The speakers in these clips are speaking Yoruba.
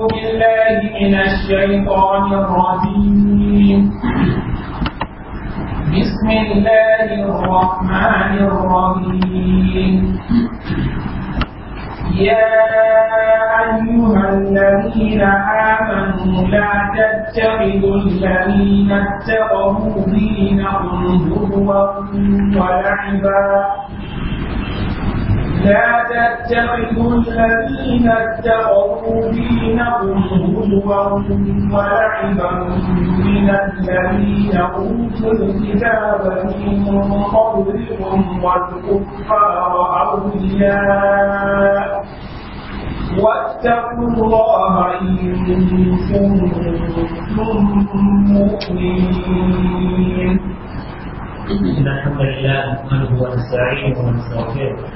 بالله من الشيطان الرجيم بسم الله الرحمن الرحيم يا أيها الذين آمنوا لا تتخذوا الذين اتخذوا دينهم هزوا ولعبا لا تتخذوا الذين اتخذوا دينهم هزوا ولعبا من الذين اوتوا الكتاب من قبلكم والكفار اولياء واتقوا الله ان كنتم مؤمنين إن الحمد لله نحمده ونستعينه ونستغفره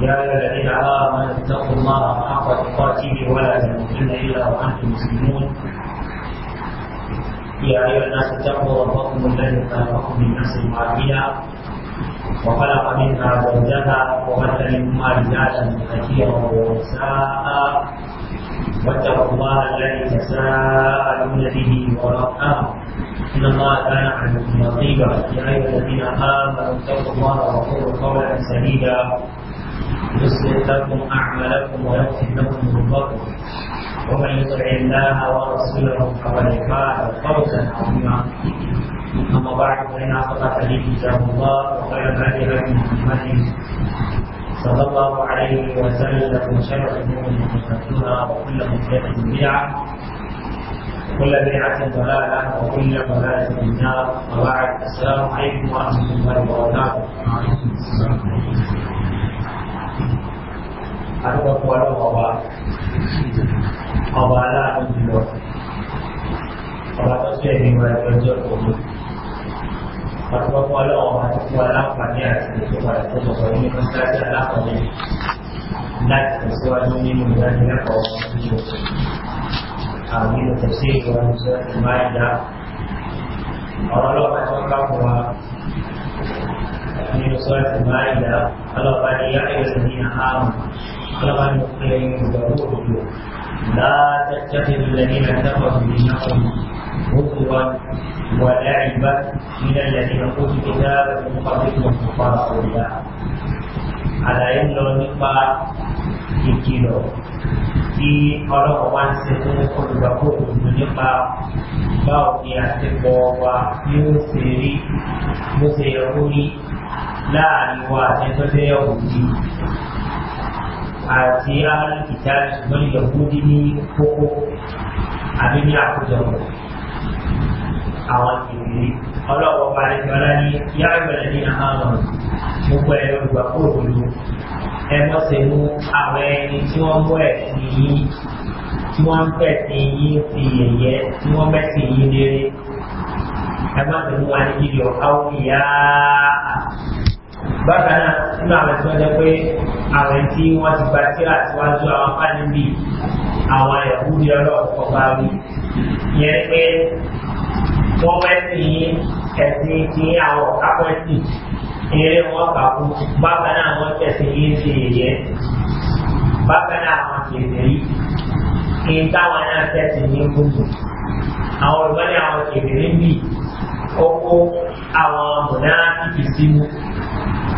يا ايها الذين امنوا اتقوا الله حق تقاته ولا تموتن الا وانتم مسلمون يا ايها الناس اتقوا ربكم الذي خلقكم من نفس واحده وخلق منها زوجها وبث منهما رجالا كثيرا ونساء واتقوا الله الذي تساءلون به والارحام ان الله كان عليكم رقيبا يا ايها الذين امنوا اتقوا الله وقولوا قولا سديدا يصلح لكم أعمالكم ويغفر لكم ذنوبكم ومن يطع الله ورسوله فقد فاز فوزا عظيما أما بعد فإن أصدق الحديث كتاب الله وخير الهدي هدي محمد صلى الله عليه وسلم شر الأمور محدثاتها وكل محدثة بدعة وكل بدعة ضلالة وكل ضلالة في النار وبعد السلام عليكم ورحمة الله وبركاته àdúgbò fún ọlọ́wọ́ ọba ọba aláàánú jùlọ ọba tó ṣe ní ìwà ìjọjọ òní àdúgbò fún ọlọ́wọ́ ọba tó fún aláǹfààní àti ìjọba ìfọwọ́sọ ní mọ́sálásí alákọ̀ọ́lẹ̀ láti tẹ̀síwájú nínú ìdánilẹ́kọ̀ọ́ nínú àwọn nínú tẹ̀sí ìwà ìjọ ìmáyà ọ̀rọ̀ ọlọ́pàá tó ká fún wa nínú sọ́ọ̀tì máyà ọlọ́pàá ní yáyọ̀ sí ní àárùn خلق المخلين ضروره لا تتخذ الذين كفروا دينهم هزوا ولعبا من الذين اوتوا الكتاب من قبلكم كفار اولياء على ان لو نقبع ìkìlọ̀ tí ọlọ́run wá ń se fún olùgbàgbọ́dùn nípa báwo ni àtẹ̀pọ̀ wa yóò ṣe rí bó ṣe yẹ kó rí láàrin wa àtẹ̀tọ́jẹ́ ọ̀hún yìí. àti ahlul kitab ṣùgbọ́n yahudi ní kókó àbí ní àkójọpọ̀ àwọn ìrírí ọlọ́pọ̀ parí ọlá ní yá ìbẹ̀rẹ̀ ní àwọn gbogbo ẹ̀rọ ìgbà kúròdú ẹgbọ́n ṣe mú àwọn ẹni tí wọ́n mú ẹ̀ sí yín tí wọ́n bẹ̀ sí yín sí yẹ̀yẹ́ tí wọ́n bẹ̀ sí yín léré ẹgbọ́n mú wa ní bákan náà nínú àwọn tí wọ́n jẹ́ pé àwọn tí wọ́n ti gba tíra síwájú àwọn pálíbì àwọn ẹ̀hú ní ọlọ́ọ̀kọ́ bá wí yẹn pé wọ́n fẹ́ sí ẹ̀sìn àwọn eré wọn kà kú bákan náà yín bákan náà yìí kí n táwọn náà gbogbo àwọn olùgbọ́n ní àwọn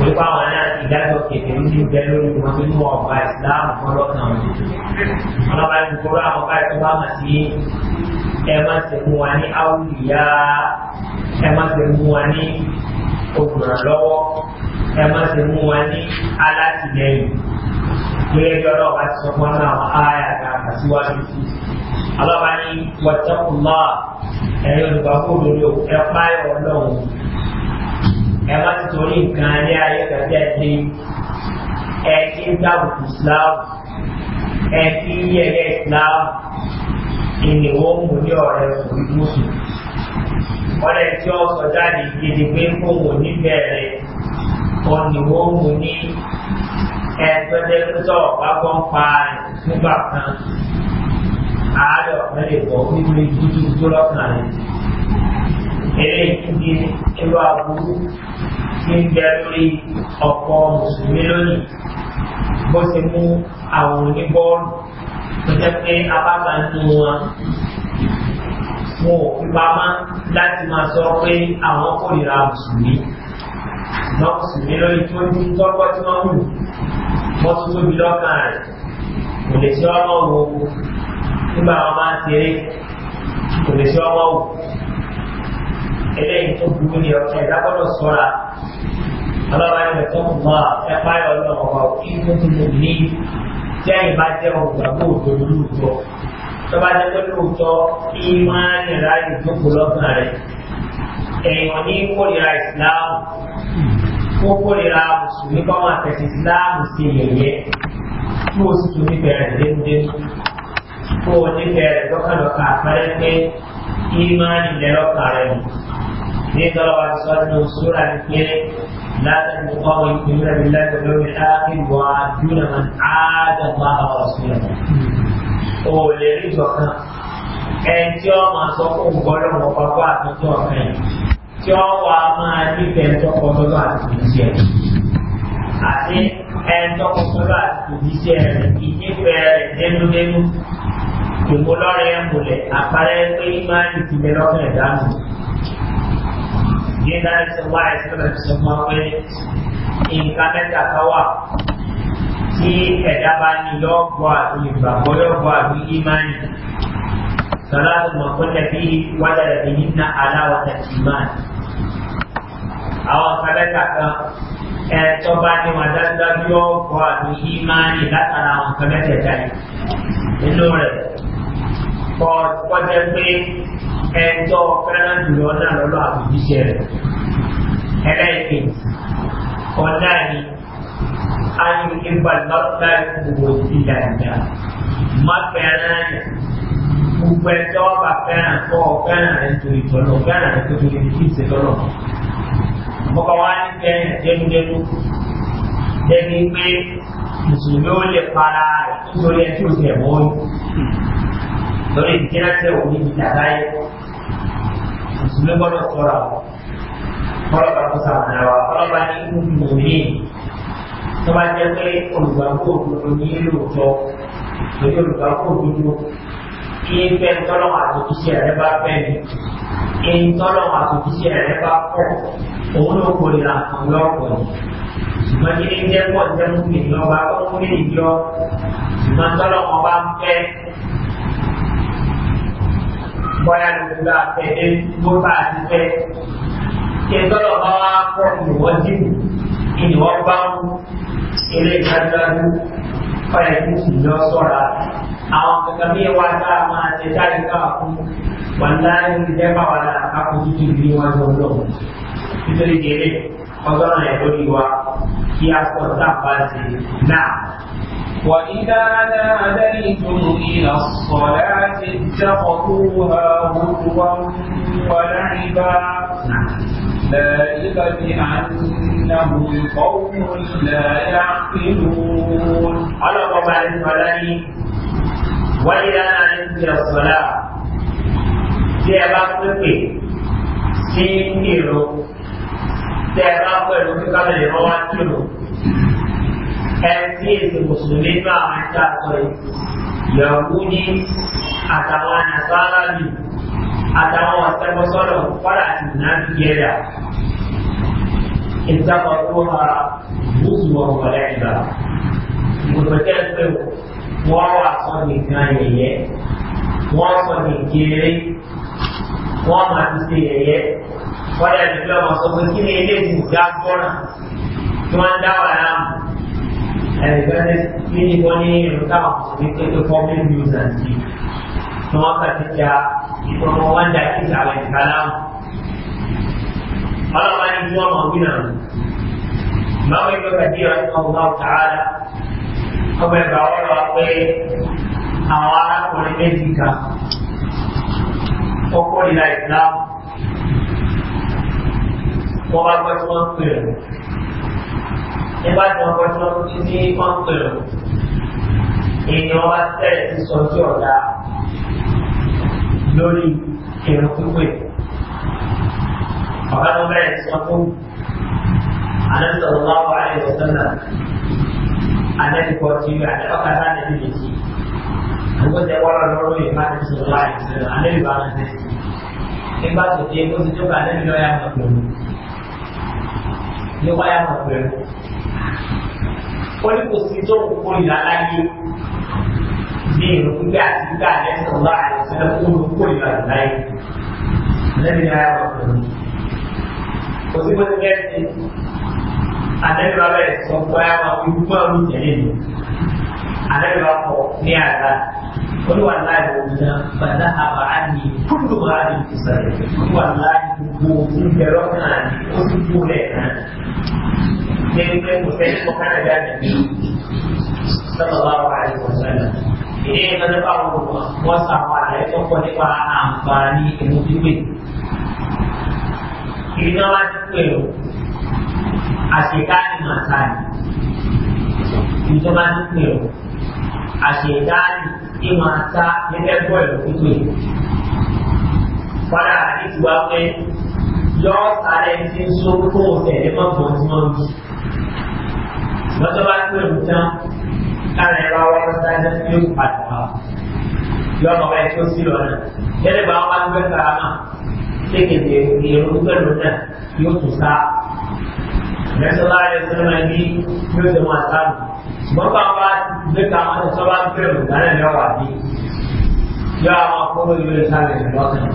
torí pé àwọn náà ìdájọ́ kẹfẹ́ ní ìgbẹ́ lórí wọn tó ní wọn ọba ìsìláàmù fọlọ́kàn wọn. wọn bá ti kóró àwọn báyìí tó bá mà sí ẹ má ṣe fún wa ní áwùyá ẹ má ṣe fún wa ní olùrànlọ́wọ́ ẹ má ṣe fún wa ní alátìlẹyìn gẹ́gẹ́ bí ọlọ́ọ̀bá ti sọ fún wọn náà áyà àgbà síwájú sí. ọlọ́ọ̀bá ní wọ́n tẹ́kùn náà ẹ̀yin ẹ má ti torí nǹkan ní ayé kẹfẹ́ ẹ̀dẹ́ ẹ ti ń dábùkù islam ẹ ti ń yẹ̀yẹ́ islam ìnìwó mú ní ọ̀rẹ́ òwúrúsù ọ̀rẹ́ tí ó sọ jáde gidi pé kóhùn níbẹ̀rẹ̀ ònìwó mú ní ẹgbẹ́dẹ́ tó ọ̀gbágbọ́n pa nígbà kan ààrẹ ọ̀pẹ́ lè bọ̀ nítorí dúdú tó lọ́kàn rẹ̀ eléyìí irú aburú ti ń bẹ lórí ọ̀pọ̀ mùsùlùmí lónìí bó ti mú àwọn oníbọ́ọ̀lù tó jẹ́ pé abáta nínú wọn wọn ò fi pamọ́ láti máa sọ pé àwọn kórìíra mùsùlùmí wọn mùsùlùmí lónìí tó ń tọ́pọ́ tí wọ́n wù wọ́n tún tóbi lọ́kàn rẹ̀ kò lè ṣe ọmọ wo nígbà wọn máa ń ṣeré kò lè ṣe ọmọ wò eléyìí tó burú ní ọkàn ẹ̀dá gbọ́dọ̀ sọ́ra ọlọ́wárí rẹ̀ tó mọ̀ ẹ páyọ̀ ọlọ́wọ́ ọkọ̀ ìgbó tó mọ̀ ní jẹ́yìn bá jẹ́ ọgbàgbọ́ òdo lóòótọ́ tó bá jẹ́ pé lóòótọ́ ìmọ̀ọ́nì ráyè tó kù lọ́kàn rẹ̀ èèyàn ní kórìíra ìsìláàmù kó kórìíra mùsùlùmí kọ́ wọn àtẹ̀sí ìsìláàmù sí yẹ̀yẹ́ kí o sì tún nífẹ̀ẹ́ rẹ̀ dénúdénú kó o nífẹ̀ẹ́ rẹ̀ lọ́kànlọ́kàn pé imani lẹ́lọ́kà rẹ̀ nù ní tọ́lọ́wà sọ́nù sóra ní pé látàrí nìkan wọn ìpín náà ní láti lórí ákìlì wa dúnà máa áádà máa bá wà sí ẹ̀. o lè rí ìjọkan ẹni tí ó máa sọ fún gbọ́dọ̀ wọn pápá àtúntò ọ̀kan yìí tí ó wà máa nífẹ̀ẹ́ tọkọ tọ́lọ́ àti ìdíṣẹ́ àti ẹni tọkọ tọ́lọ́ àti ìdíṣẹ́ rẹ̀ ìdífẹ́ rẹ̀ dénúdénú ìmúlọ́rẹ̀ ń bulẹ̀ àpárẹ́ pé máa ń ti lé lọ́kàn ìdánù. Gíga ẹsẹ̀ wá ẹsẹ̀ rẹ̀ sọ mọ́ pé nǹkan mẹ́ta kan wà tí ẹ̀dá bá ní yọ̀ọ̀gbọ́ àti ìgbàgbọ́ yọ̀ọ̀gbọ́ àti ìmánì. صلاة وكل فيه وجد بهن علاوة الإيمان àwọn kẹlẹta kan ẹtọ bá ní wọn dájúdájú yóò kọ àdó látara àwọn kẹlẹta jáde nínú rẹ but wọ́n jẹ́ pé ẹjọ́ fẹ́ràn jùlọ náà lọ́lọ́ àbójúṣe rẹ̀ ẹlẹ́ẹ̀kejì ọ̀nà ni ayé ìgbà lọ́tà gbogbo ìdílé àjà má fẹ́ràn yẹn gbogbo ẹjọ́ bá fẹ́ràn tó fẹ́ràn rẹ̀ torí tọ́lọ̀ fẹ́ràn rẹ̀ torí kí ṣe tọ́lọ̀ ọkọ̀ wa ní fẹ́ràn jẹ́nudẹ́nu jẹ́ni pé mùsùlùmí ó lè para rẹ̀ nítorí ẹjọ́ ìṣẹ̀wọ́ lórí ìdíkẹ́lẹ́sẹ̀ òní ìjà láyé mùsùlùmí gbọ́dọ̀ sọ́ra wọn kọ́lọ́ba tó sàmìnà wa kọ́lọ́ba ní ìlú mi tó bá jẹ́ pé olùgbàgbọ́ òdodo ní lóòótọ́ lórí olùgbàgbọ́ òdodo kí n fẹ́ tọ́lọ́ àtòkíṣe rẹ bá fẹ́ mi kí n tọ́lọ́ àtòkíṣe rẹ bá pọ̀ òun ni ṣùgbọ́n kí ní jẹ́ pọ̀ jẹ́ mú mi lọ́ba ó mú mi lè tọ́lọ́ wọn ń fẹ́ bọ́yá nígbà àtẹ̀lé tó bá a ti fẹ́. Ìtọ́lọ̀ bá wá pọ̀ ìwọ́ dìbò, ìwọ́ bá mú ilé ìdájọ́jú ọ̀rẹ́ ìlú ìlú ọ̀sọ́ra. Àwọn kankan bí wá tá máa ṣe dáríkà fún wàláyé ti jẹ́ bá wa lára kápò títí bí wọ́n tó ń lò nítorí kéré ọjọ́ rẹ̀ lórí وإذا ناديتم إلى الصلاة اتخذوها هزوا ولعبا ذلك بأنهم قوم لا يعقلون. على قبل الملائكة وإذا ناديتم إلى الصلاة tí ẹ bá pépè sí èrò tẹ ẹ bá pẹ́ lókè kábẹ̀ lè wọ́n wá jùlọ ẹ tí èsì mùsùlùmí bá àwọn ẹja sọ yọ̀ọ̀kú ní àtàwọn àyàsára mi àtàwọn ọ̀sẹ̀mọ́sọ́lọ̀ fọ́lá àti nàìjíríà ìtàkọ̀tọ́ha bùsùwọ̀n wọlé ìgbà ìgbòkò tẹ́ pé wọ́n wà sọ nìkan yẹ̀yẹ́ wọ́n sọ nìkéré wọ́n máa ti ṣe ẹ̀yẹ wọ́n yà nígbà wọn sọ pé kí ni eléyìí ìjà gbọ́nà tí wọ́n ń dá wà láàmú ẹ̀ẹ́dẹ́gbẹ́ ní ní wọ́n ní ìlú táwọn mùsùlùmí kékeré fọ́ọ̀mù news and tea ni wọ́n kà ti ja ìfọ̀mọ́ wọn dà kí ìsàlẹ̀ ìka láàmú ọlọ́pàá ní kí wọ́n mọ̀ wí náà báwo ni bàbá díẹ̀ wọn kọ́ wọn náà tààrà ọgbà ìgbà wọn lọ pé ó kó nínú islam wọ́n bá gbọ́ tí wọ́n ń pè ọ́ nígbà tí wọ́n gbọ́ tí wọ́n ti ní wọ́n ń pè ọ́ èèyàn wá tẹ̀lé sí Bukan saya walau dulu yang mana sesuai, anda di mana sih? Tiba saja itu sejuk anda di wilayah Maklum. Di wilayah Maklum. Oleh posisi pun lagi di rupiah juga ada sebelah sudah puluh puluh yang lain. Anda di wilayah Maklum. Posisi pun ada di wilayah Maklum. Anda di wilayah Maklum alẹ́ bá kọ ní àgbà olúwa láì wọ̀nyí náà bàtà àbá àdì kúndùn bá àdì ti sàlẹ̀ olúwa láì gbogbo òfin bẹ̀rọ náà ni ó sì kú rẹ̀ náà ní ẹgbẹ́ kò fẹ́ kọ́ kánáda nàbí sábàbá wà àdì wọ̀ sálẹ̀ ìdí ẹ̀ka nípa wọn wọ́n sàwọn àlẹ́ tó kọ́ nípa àǹfààní ìlú pípé ìdí náà wá ti pè ó àṣekáàdì màtáì ìjọba ti pè ó àṣẹ̀dáàlì ní máa sá gẹ́gẹ́ bọ́ ẹ̀rọ pípé. Fọ́dà àdìsí wa pé yọ sáré tí ń so kó o tẹ̀lé mọ́tò tí wọ́n jù. Lọ́tọ́ bá pè mí tán, kára ẹ̀rọ àwọn ẹ̀rọ sáré tí ó padà wá. Yọ ọmọ ẹ̀ tó sí lọ́nà. Gẹ́gẹ́ bá wá gbé karama, ṣé kèdè èrò pẹ̀lú náà yóò tún sá. Mẹ́sàn-án sọ́nà ní yóò ṣe máa sáàmù ṣùgbọ́n bá wá mẹ́ta àwọn sọ́wọ́ bẹ̀rù lálẹ́ lọ́wọ́ àbí yọ àwọn akọ́wé ìlú ìsàlẹ̀ lọ́kàn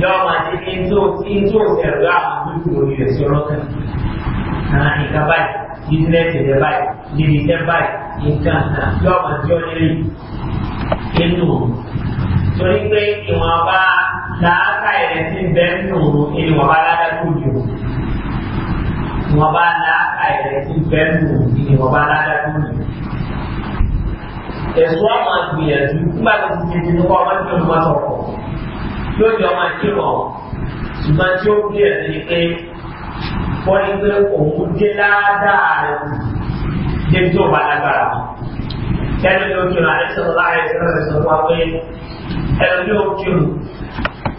yọ àwọn àti ìjó ìjó ìṣẹ̀rù àwọn àdúgbò orí rẹ̀ sí ọlọ́kàn náà nǹkan báyìí bísíǹnẹ́sì rẹ̀ báyìí níbi iṣẹ́ báyìí nǹkan náà yọ àwọn àti ọ̀nẹ́rì inú torí pé ìwọ̀nba làákà ẹ̀rẹ̀ sí bẹ́ẹ̀ nù ìwọ̀nba ládàá tó jù wọn bá láàkà ẹ̀rẹ́ tí bẹ́ẹ̀ mú òbí ni wọn bá ládàá tó nù. ẹ̀sùn àwọn àgbìyànjú nígbà tó ti tètè nípa ọmọ tí wọn bá sọ̀rọ̀ yóò jẹ́ ọmọ tí wọn ṣùgbọ́n tí ó bí ẹ̀sìn ni pé wọ́n ní pé òun dé ládàá rẹ̀ dé tó bá lágbára mọ́. ẹni tó kírun àti sọ̀rọ̀ láàyè sọ̀rọ̀ rẹ̀ sọ̀rọ̀ wá pé ẹni tó kírun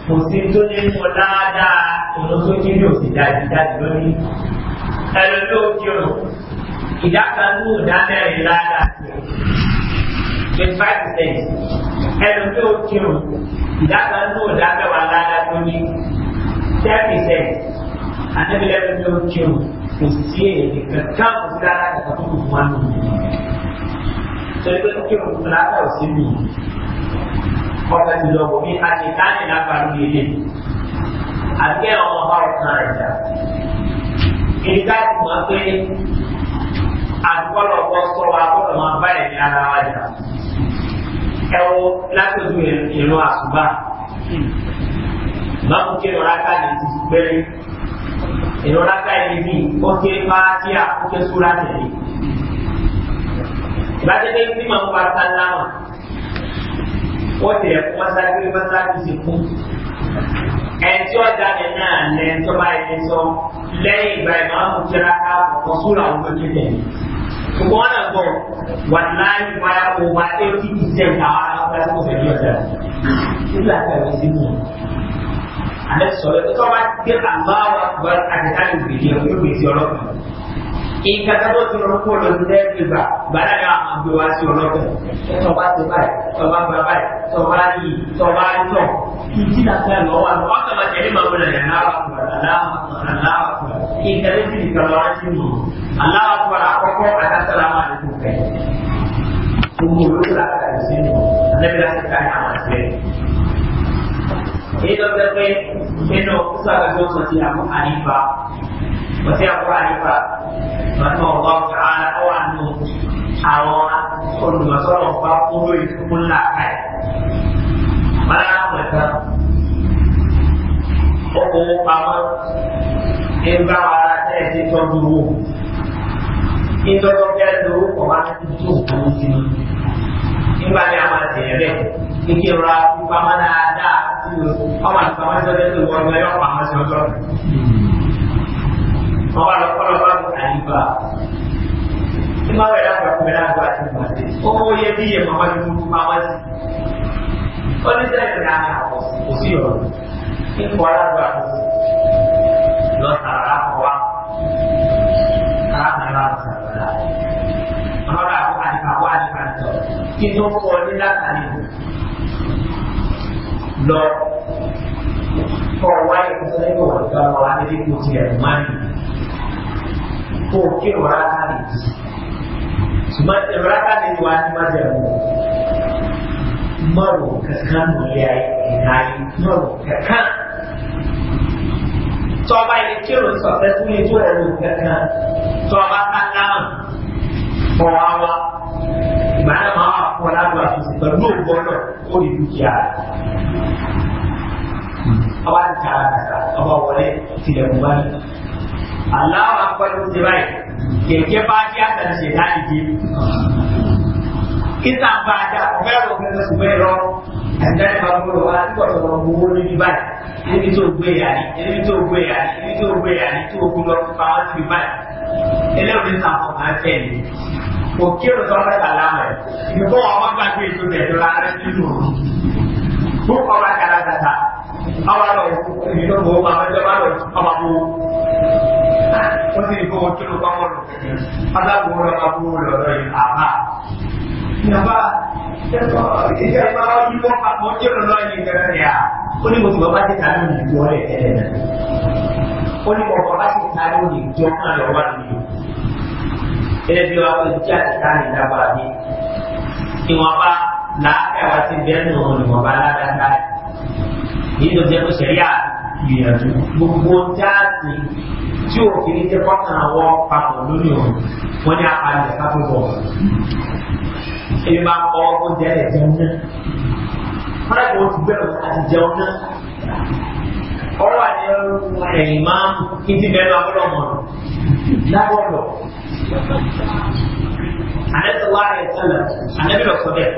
kò sí tó ní mọ dáadáa òun tó ẹlòmí ò kírun ìdá kan ní ìdá mẹ́rin ládàá twenty five percent ẹlòmí ò kírun ìdá kan ní ìdá mẹ́wàá ládàá tó ní ten percent àtẹ́bílẹ̀ ẹlòmí ò kírun kò sí èyí kankan kò sí ládàá kankan tó kù fún wa nù. torí pé kírun kò ládàá ò sí nù ọ̀pẹ ti lọ bọ̀ mí àti káàdì lágbàdo yìí lè àti kẹ́ ọmọ bá ọ̀kan rẹ̀ jà ibi tá a ti mọ̀ pé àdúgbọ́lọ̀ bọ́ sọ́wọ́ agbọ́dọ̀ máa bá ẹ̀mí ara wa jà ẹ wo látòjú ìrún àṣùbà máa ń ké ìrọ̀láká lè ti gbẹ́rẹ́ ìrọ̀láká yìí bí ó ké máa tí a ó ké súra tẹ̀lé ìbájẹ́dé tí màá ń bá sálámà ó tẹ̀lé fún mọ́sáájú mọ́sáájú ti kú ẹ̀ tí ọ̀dà mi náà lẹ́ tó sọ lẹ́yìn ìgbà ìmáàmù kíra ká ọ̀pọ̀ súra ọ̀pọ̀ kéde. Ṣùgbọ́n náà bọ̀ wà láì wáyà kó wá eighty percent àwọn aláwọ̀ tó fẹ́ bí ọ̀dà. Nígbà tí a lè sí mú. Àlẹ́ sọ̀rọ̀ tó bá dé àlọ́ àwọn àgbà àti ìkàtàbọ̀ tó lọ kó lọ sílẹ̀ ti gbà bàrà yà á gbé wá sí ọlọ́gbọ̀n tọba ti báyìí tọba gba báyìí tọba yìí tọba yọ ìdí àti àlọ́wà lọ wọ́n tọba tẹ̀lé màmú rẹ̀ ní aláwàkùrà aláwàkùrà aláwàkùrà ìkàtàbọ̀ sì ní kàlọ́ wá sí mù aláwàkùrà àkọ́kọ́ àtàtàlà máa ní kò fẹ́ gbogbo olóko láti àyè sí mù àlẹ́bí láti ká ní àwọn àti rẹ̀ èyí lọ sẹ́ pé nínú sọ́kàtúntò ti àmú àníbà وفي أبو حنيفة رحمه الله تعالى أو أنه أو كل ما صار وفاقه كل حي ولا أمرك أبو أمر إن بعد تأتي تدرو إن تدرو تدرو وما تدرو nígbà tí a máa tẹ̀lé rẹ̀ kíkí ra pípa máa dáadáa tí o ọmọ àti pàmò sọ́dọ̀ tó wọ́n lọ́yọ́ pàmò sọ́dọ̀ wọ́n bá lọ kọ́lọ́ bá lọ àyíká tí wọ́n rẹ̀ lágbà kó bẹ̀rẹ̀ àgbà àti ìgbà sí ó kó yẹ bí yẹ màmá ti mú màmá sí ó ní sẹ́yìn rẹ̀ àná kò sí ọ̀rọ̀ ipò alágbà lọ sàrà kọ́ wa alágbà lọ sàrà la àwọn bá kó àdìpá kó àdìpá tọ̀ kí ló kọ́ ní látàlí lọ for why kusa ne ko wani kama wa ne ko ti ya mani ko ke wara ka ne ti suma wara ka ne wa kan mu ya yi na yi maro ka kan tọba ilé tí o sọ pé fún ilé tó ẹnu kankan tọba kankan a wá ta a bá wọlé tilẹ̀kùn bá mi. aláwọ̀ akpọ̀lù ti báyìí kẹ̀kẹ́ bá kí a tàn ṣe láti di. kíta bá a dà ọ̀gá ẹ̀rọ fún ẹ̀ka sùgbọ́n ẹ̀rọ ẹ̀dá ìfà gbọ́dọ̀ wá nígbà tó wọ́n mú owó níbi báyìí níbi tó gbé yàrá níbi tó gbé yàrá níbi tó gbé yàrá tó kú lọ fún àwọn ti báyìí ẹlẹ́wọ̀n ní sàmọ̀ máa fẹ́ ni òkè ló sọ́kọ́ ìtàlá rẹ̀ nígbà wọn bá gbàgbé ètò ìtẹ̀jọ́ rẹ̀ nínú òru. Bó kọ́ bá kára dáadáa awa ti bọ́ bá ti ta ló yìí nínú jẹ́ pé sẹ̀ríà gbìyànjú gbogbo jáàsì tí òfin jẹ́ kọ́kàn wọ papọ̀ lórí wọ́n ní apalẹ̀ sáfù bọ̀. ebi máa ń kọ́ oúnjẹ rẹ̀ jẹun náà wọ́n dàgbà wọ́n ti gbẹ̀rù àti jẹun náà ọwọ́ àti ẹ̀yìn máa ń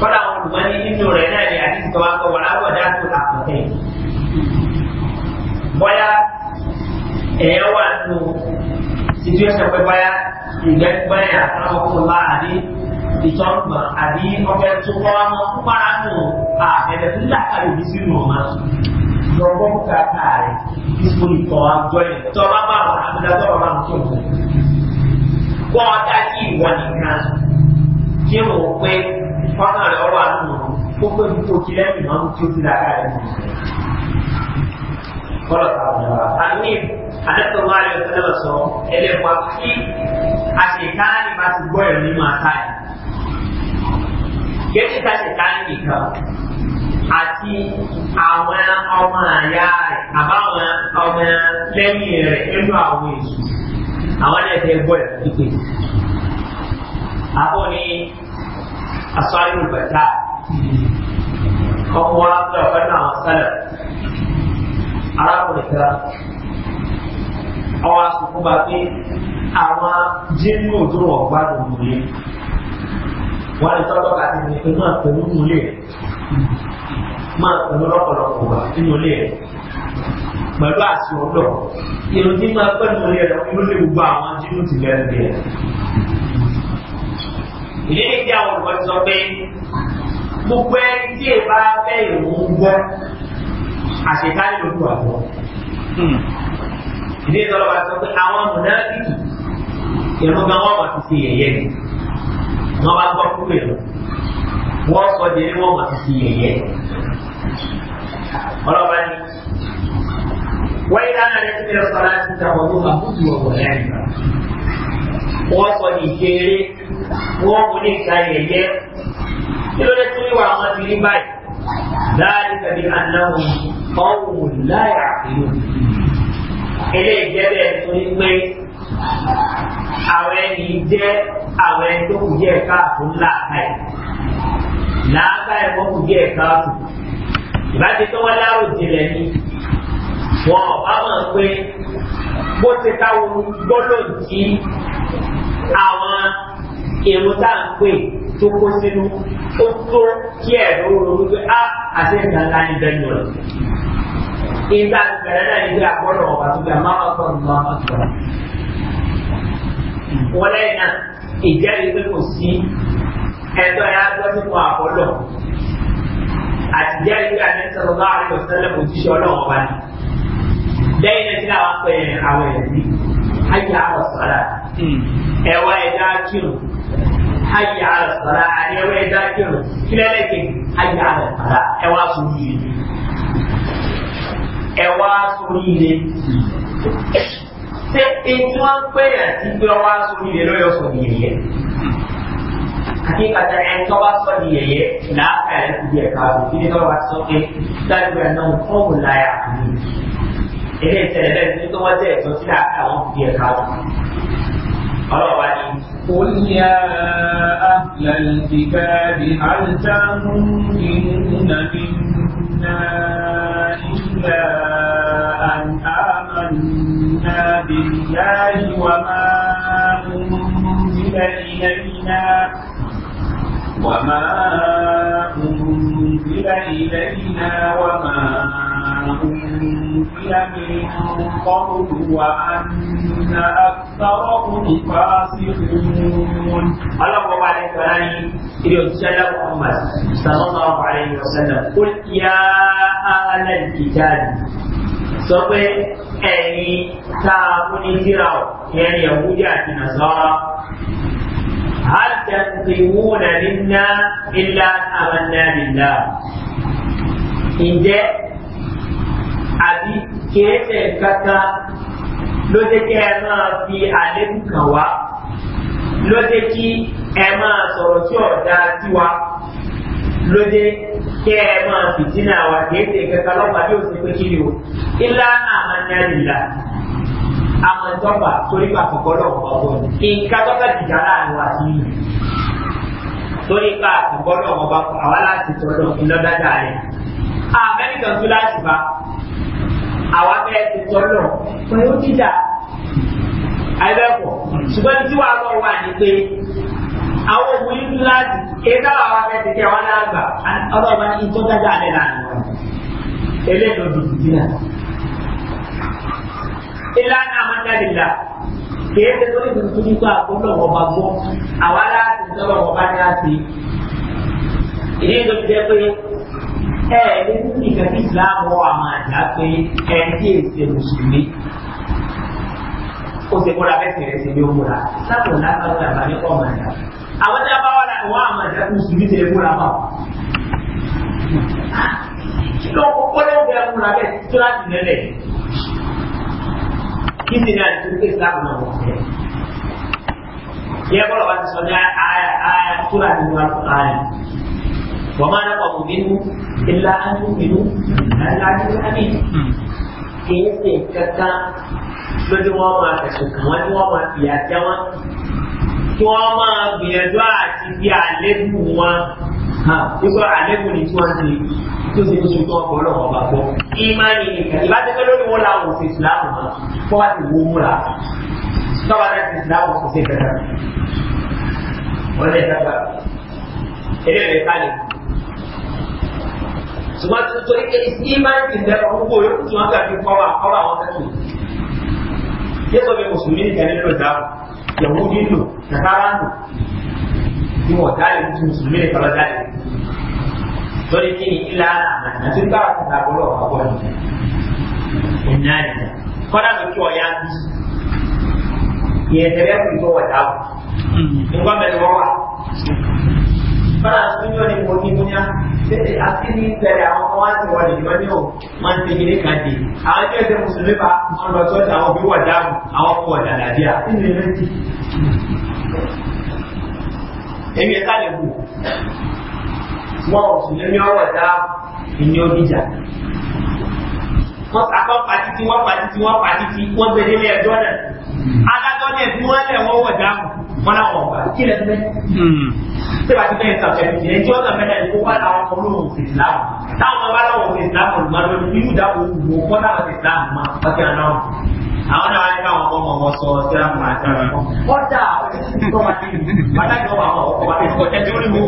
fọlá àwọn olùmọ́ni nínú rẹ̀ náà ni àti ìtọ́wá kọ wà láwọ̀ dáàbò àkọ́tẹ́ bọ́yá ẹ̀yẹ wà nù situation pé bọ́yá ìgbẹ́ gbọ́yà àwọn ọkùnrin àbí ìtọ́nùmọ̀ àbí ọbẹ̀ tó kọ́ ọmọ púpàrà nù àbẹ̀rẹ̀ tó dàkà lòdì sí nù ọmọ lọ́gbọ́n kàkà rẹ̀ ìfúnni kọ́ àjọ ẹ̀ tọ́ bá bá wà á ó pé ní tó kí lẹ́yìn náà tí ó ti dàgbà rẹ̀ nù. Kọ́lọ̀ ta ọ̀nà wa. Àmì àdẹ́tọ̀ wa rẹ̀ sẹ́lẹ̀ sọ ẹlẹ́wà kí àṣekáàní bá ti gbọ́ ẹ̀rí máa ta ẹ̀. Gẹ́gẹ́ bí àṣekáàní nìkan àti àwọn ọmọ àyà rẹ̀ àbáwọn ọmọ lẹ́yìn rẹ̀ nínú àwọn èso àwọn ẹ̀fẹ́ gbọ́ ẹ̀rí pípé. Àbọ̀ ni aṣọ àyùbẹ̀ta ọkọ̀ wa gbà ọ̀kan náà wọ́n sálẹ̀ arákùnrin kan ọwọ́ asòkò bá pé àwọn jíínú tó wọ̀ gbádùn nìyẹn wọ́n lè tọ́jọ́ láti ní pé máa pẹ̀lú nulẹ̀ máa pẹ̀lú lọ́pọ̀lọpọ̀ wà nínú ilé rẹ̀ pẹ̀lú àti ọ̀dọ̀ irun tí máa pẹ́ nínú ilé rẹ̀ ló lè gbogbo àwọn jíínú ti lẹ́nu rẹ̀. ìdílé ìdí àwọn olùkọ́ ti sọ pé gbogbo ẹni tí ì bá fẹ́ ìrún gbọ́ àṣekáyé ló kú àgbọ̀. Hmm. ìdí ìtọ́lọ́ bá sọ pé àwọn mọ̀nàdìkì ìrún gan wọ́n mọ̀ sí sí ẹ̀yẹ́ ni wọ́n bá gbọ́ kúrò ìrún wọ́n sọ di ẹni wọ́n mọ̀ sí sí ẹ̀yẹ́. ọlọ́ba ni wọ́n yí lánàá rẹ̀ sílẹ̀ sọ́lá ti ta ọdún àkójú ọ̀wọ̀ lẹ́yìn wọ́n sọ di ìṣeré wọ́n mú ní ìka ẹ̀yẹ́ kí ló dé tí wíwá àwọn ti rí báyìí láàyè tàbí anáwó ọ̀hún láyà àfihàn eléyìí jẹ́ bẹ́ẹ̀ torí pé àwọn ẹni jẹ́ àwọn ẹni tó kù díẹ̀ káàtó ńlá àbáyé làákàyè wọn kù díẹ̀ káàtó ìbáṣe tó wọn lárò jìnlẹ̀ ni wọn ọba máa pé bó ti táwọn gbọ́dọ̀ jí àwọn èrò tá à ń pè tó kó sínú ó tó kí ẹ̀rọ ronú pé á ah, àti ẹ̀ka ńlá ní bẹ́ẹ̀ lọ. ìgbà bẹ̀rẹ̀ náà ní pé àgbọ̀dọ̀ ọ̀bà tó gbà máa wà pọ̀ nínú àwọn àgbà. wọ́n lẹ́yìn náà ìjẹ́rìí pé kò sí ẹ̀tọ́ ẹ̀ ágbọ́ nínú àbọ̀dọ̀ àtijọ́ ìgbà ní sọ̀rọ̀ bá àríwọ̀ sẹ́lẹ̀ kò tíṣe ọlọ́run ọba ni. lẹ́yìn náà tí àwọn pẹ̀lú àwọn ẹ̀rí ayé àwọn sọ̀rọ̀ hmm. ẹ̀wà ẹ̀dá kírun حي على الصلاة يا ويدا كيرو كلا لكن حي على الصلاة أوا سوري أوا سوري ṣé ètò wọn pè é sí pé ọwọ́ sórí rẹ̀ lọ́yọ̀ sọ di yẹyẹ akíkàtà ẹ̀ tó bá sọ di yẹyẹ làákà rẹ̀ ti di ẹ̀ka rẹ̀ kí ni tó bá sọ pé dájú ẹ̀ náà fọ́ọ̀mù láyà àmì ilé ìṣẹ̀lẹ̀ bẹ́ẹ̀ ní tó wọ́n jẹ́ ẹ̀tọ́ sí làákà wọn ti di ẹ̀ka rẹ̀ ọlọ́wọ́ ni. قل يا أهل الكتاب هل تنظرون منا إلا أن آمنا بالله وما أنزل إلينا وما أنزل إلينا وما أنزل من قبل وأن على قبل الكلام إلى الله عليه وسلم قل يا أهل الكتاب sọ pé ẹ̀yin tá a fún ní síra ọ̀ yẹn ni yahudi àti nasara hal tanfihuna minna illa amanna billah ǹjẹ́ àbí kéèké nkata, ló jẹ́ kí ẹ máa fi àlékún kàn wá ló ma kí ẹ máa sọ̀rọ̀ tí ọ̀dà sí wa ló kí ẹ máa fìtínà wa kéèké kata lọ́pàá bí pé kí ni o ilá àmàlẹ́ àlìlá amọ̀tọ́fà torí pa àkọ́kọ́ lọ́wọ́ ọgbọ́n ni nǹkan tọ́ka dìjà láàrin wa sí torí pa àkọ́kọ́ rẹ̀. amẹ́ríkà tó láti bá àwa fẹ́ ti tọ́lọ̀ pé ó ti dà àìbẹ́kọ̀ ṣùgbọ́n tí wàá lọ wà ní pé àwọn òun yìí tó láti èdè àwọn àwọn afẹ́ ti tẹ wọn lágbà ọlọ́run bá ní ìtọ́ dájà alẹ́ lánàá eléyìí ló dùn sí náà ìlànà àmàdàlìlà kìí ṣe tó ní tuntun nípa àkọlọ́wọ́ bá gbọ́ àwa láti tọ́lọ́wọ́ bá ní láti ìdí ìdókítẹ́ pé ẹ̀ẹ́dẹ́ nìkan tí ìsìláàmù wà máa dá pé ẹ̀ẹ́dẹ́ èsì mùsùlùmí ó ti kóra bẹ́ẹ̀ tẹ̀lé sí ní òmùra láti ọ̀nà àtàwọn àgbà ní kọ́ máa dá àwọn tí a bá wà láti wọ́n àmà dá mùsùlùmí tẹ̀lé kóra bá wà. kí ló kó kó lẹ́wọ̀n bẹ́ẹ̀ múra bẹ́ẹ̀ tó láti lẹ́lẹ̀ kí ti náà tó ké ìsìláàmù náà wọ̀ fẹ́. yẹ kọ́ lọ́wọ́ ti sọ ní وما نقضوا منه إلا أن تؤمنوا بالعزيز الحميد kèése kankan lójú wọn máa fẹsùn kàn wọn tí wọn máa fìyà jẹ wọn tí wọn máa gbìyànjú àti bí àlébù wọn wípé àlébù ni tí wọn ti tó ti tó sùn tó ọkọ ọlọrun ọba gbọ. ìmánì nìkan ìbájẹ́ pé lórí wọn làwọn òfin ìsìláàmù mọ́ fún wa ti wó múra tọ́ba náà ti ìsìláàmù kò sí kankan. wọ́n lè dábàá eré rẹ̀ kálí ṣùgbọ́n tí torí pé ìmáìtì lẹ́nu gbogbo yóò tún wọn kàbí kọ́ra kọ́ra àwọn tẹ́tù. yẹ́sọ̀ bí mùsùlùmí nìkan nínú ìdáhùn yẹ̀wò nílò nàkàrà nù bí wọ́n dáyé ní mùsùlùmí nìkan lọ dáyé. lórí kí ni ilá àná tí ń bá àti àgbọ̀lọ̀ àgbọ̀ nìyẹn. ìná nìyẹn kọ́dà mi kí ọ̀yá bí ìyẹn tẹ̀lé ẹ̀kú ìtọ́wọ̀ dáhùn. nígbà mẹ́rin wọ́n wà fara sun yóò ní mo ní mo ní a àti ní ìbẹ̀rẹ̀ àwọn ọmọ wa ti wà lèyìn ní o máa ń ṣe ilé kan dé àwọn ẹgbẹ́ ẹgbẹ́ mùsùlùmí fa wọn lọ tọ́jú àwọn òbí wọ̀ dáhùn àwọn ọmọ ọ̀dà làbíà nínú ilé ti. èmi ẹ̀ka lè wù wọn ò sì lé ní ọwọ́ dá ìní oníjà wọ́n sàkọ́ pàtìtì wọ́n pàtìtì wọ́n pàtìtì wọ́n gbẹdẹ́lẹ́ ẹjọ́ náà adájọ́ náà fi wọ́n lẹ̀ wọ́n wọ̀ dáhùn. มันเอาออกอะที่เลยใช่ไหมใช่ป่ะที่เป็นสับเฉลี่ยในช่วงนั้นไม่ได้รู้ว่าเราเขาลูกศิษย์เราถ้าเราว่าเราศิษย์เราหมดมาโดยที่ยูดาอูโมก็ได้ศิษย์เรามาปฏิญาณเรา àwọn náà wáyé káwọn ọmọ ọmọ sọ ọsẹ àwọn àti àwọn ọmọ ọjà tó wà sí pàtàkì ọmọ àwọn ọmọ àti ọjà tí ó rí wo.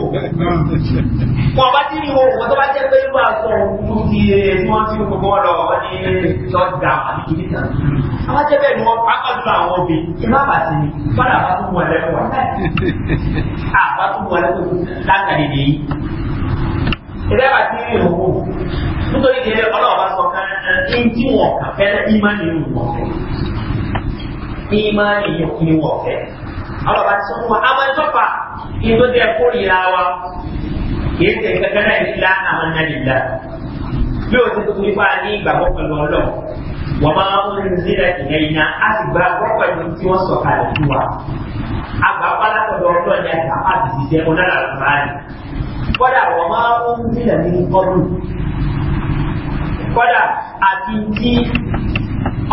wọn bá ti rí wo wọn tó bá jẹ pé eh, wọn sọ ohun ti ẹ tí wọn ti ń gbogbo lọ wọn ní lọjà àti kìíní kan. àwọn jẹ bẹẹ ni wọn pápá jùlọ àwọn òbí ìmọ̀ àbàtì ni fọlá àbátúmọ̀ ẹlẹ́kọ̀ọ́ àbátúmọ̀ ẹlẹ́kọ̀ọ́ látàrí nìyí ìrẹ́ bá ti rí òkú nítorí kí ọlọ́ọ̀bá sọ ká ẹni tí wọ́n kà fẹ́ ìmánì yìí wọ́n fẹ́ ìmánì yìí wọ́n fẹ́ ọlọ́ọ̀bá ti sọ fún wa àwọn ìtọ́fà ìlú tẹ kórìíra wa kìí ṣe kankan náà ìlà àwọn náà ìlà bí o ti tó nípa ní ìgbàgbọ́ pẹ̀lú ọlọ́ wọ́n máa ń sílẹ̀ ìyẹn iná á sì gba gbọ́pọ̀ ìlú tí wọ́n sọ kalẹ̀ fún wa àgbà pálá pẹ̀lú ni àgbà pàtì ti jẹ́ ọlọ́lá kọ́dà wọ́n máa ń tilẹ̀ ní kọ́dù kọ́dà àti tí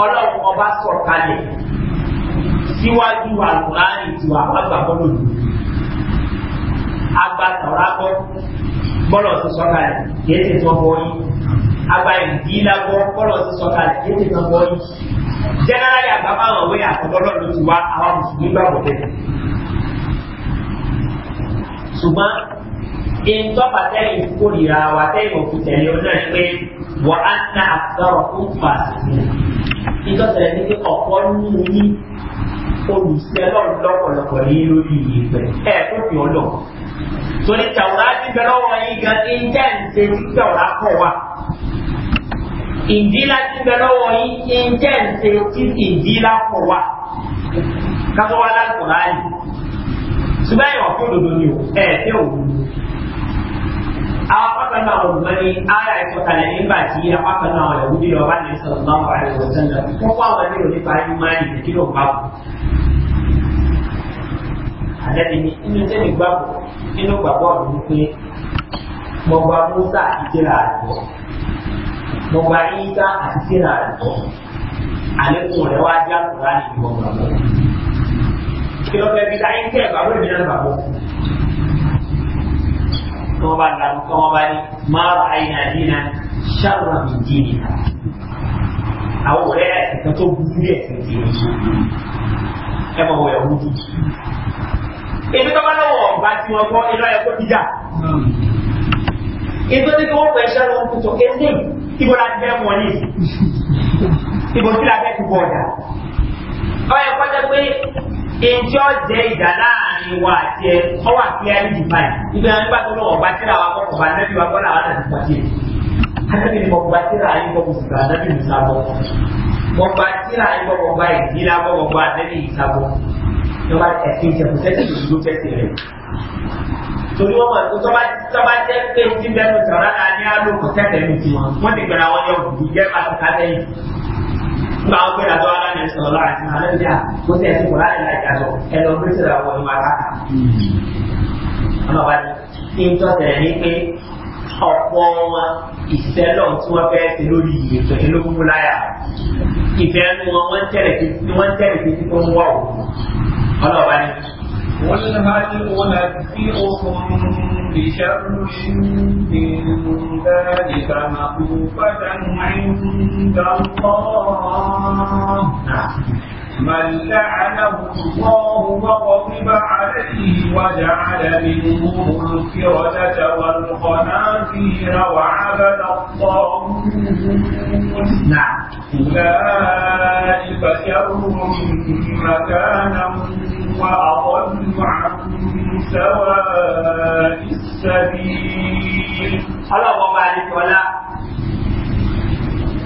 ọlọ́run ọba sọ̀rọ̀ kalẹ̀ síwájú àlùkùránì tiwa àgbà kọ́dù àgbà sọ̀rọ̀ akọ́ bọ́lọ̀ sí sọ́kà rẹ̀ kìí ṣe tán bọ́ yìí àgbà ìdílé agbọ́ bọ́lọ̀ sí sọ́kà rẹ̀ kìí ṣe tán bọ́ yìí jẹ́nẹ́rẹ́lì àgbà máa àtọ́lọ́lọ́ ló ti wá àwọn mùsùlùmí gbàgbọ́ bẹ́ẹ̀ ṣùgbọ́n ìtọ́pà tẹ́lẹ̀ ìkórìíra wa tẹ́lẹ̀ òkú tẹ̀lé ọ náà pé wọ́n á ná àtọ́rọ̀ fún fàṣẹ. ìtọ́sẹ̀lẹ̀ ní pé ọ̀pọ̀ ní ní olùsẹ́ lọ́rùn lọ́pọ̀lọpọ̀ ní lórí ìpẹ́ ẹ̀ kó fi ọ́ lọ. torí tàwọn àdìgbẹ́ lọ́wọ́ yín gan ní jẹ́ ìṣe títẹ̀ ọ̀rá pọ̀ wa. ìdílá ti bẹ lọ́wọ́ yín ní jẹ́ ìṣe tí ìdílá pọ̀ wa. kátó wá láǹkọ̀ láàyè. ṣùgbọ́n ìwà fún òdòdó ni ẹ̀ fẹ́ òdòdó apákan náà wọn gbọ́n ní ara ìsọ̀kalẹ̀ nígbà tí apákan náà wọn lẹ́wọ́ nílò ọba nìyẹn sọ̀rọ̀ máa wà ní ìwọ̀sán náà wọ́n wá wọn nílò nípa ní máa ní ìdílé ọ̀gbà kù. àdẹ́ni ní inú tẹ́lẹ̀ gbàgbọ́ inú gbàgbọ́ ọ̀dọ́ mo gba musa àti tíra mo gba isa àti tíra rẹ̀ bọ̀ àlékún rẹ̀ wá já kúránì ìwọ̀n gbàgbọ́ kí ló fẹ́ fi tó bá lanu kọ́ wọn bá ní máa rà ayé náà dínà ṣàrùwà mi dín ní ta. àwọn ọ̀rẹ́ ẹ̀sìn kan tó burú bí ẹ̀sìn ti rí ẹ mọ̀ wọ̀ ẹ̀wọ̀n dúdú. ebi tó bá lọ́wọ́ ọ̀gbá tí wọ́n gbọ́ iná ẹ̀kọ́ dídà. ebi tó ní kí wọ́n pẹ̀ ṣàrùwà ń tutọ̀ kéde ìbọn láti bẹ́ẹ̀ mọ̀ ní ìbọn sí làbẹ́ ti bọ̀ ọ̀dà. ọyẹ kọjá pé ìjọ jẹ ìjà láàrin wa àti ẹ ọwọ àti ẹ yìí báyìí ibi àwọn nígbà tó lọ ọba tíra wa kọkọ ọba nẹbi wa kọlá wa náà ti pàṣẹ akẹ́kẹ́ ni mọ̀gbà tíra ayé bọ̀ bùsùkà nẹbi musa bọ̀ mọ̀gbà tíra ayé bọ̀ bọ̀gbà ìdílé abọ̀ bọ̀gbà nẹbi rẹ̀ torí wọn ba a gwada zuwa na nabi sallallahu alaihi wasallam da ko sai su kula da lafiya so e lo bi sira wa ma ta ama ba in to se ni pe ọ̀pọ̀ wọn ìfẹ́lọ̀ tí wọ́n fẹ́ ṣe lórí ìyètò inú gbogbo láyà ìfẹ́ nu wọn wọ́n tẹ̀lé tí wọ́n tẹ̀lé tí wọ́n wọ̀ ọlọ́ọ̀bá ni قل هل بشر من ذلك مخوفة عند الله من لعنه الله وغضب عليه وجعل منهم القردة والخنازير وعبد الطاغوت نعم أولئك شر مكانا وأضل عن سواء السبيل الله بارك ولا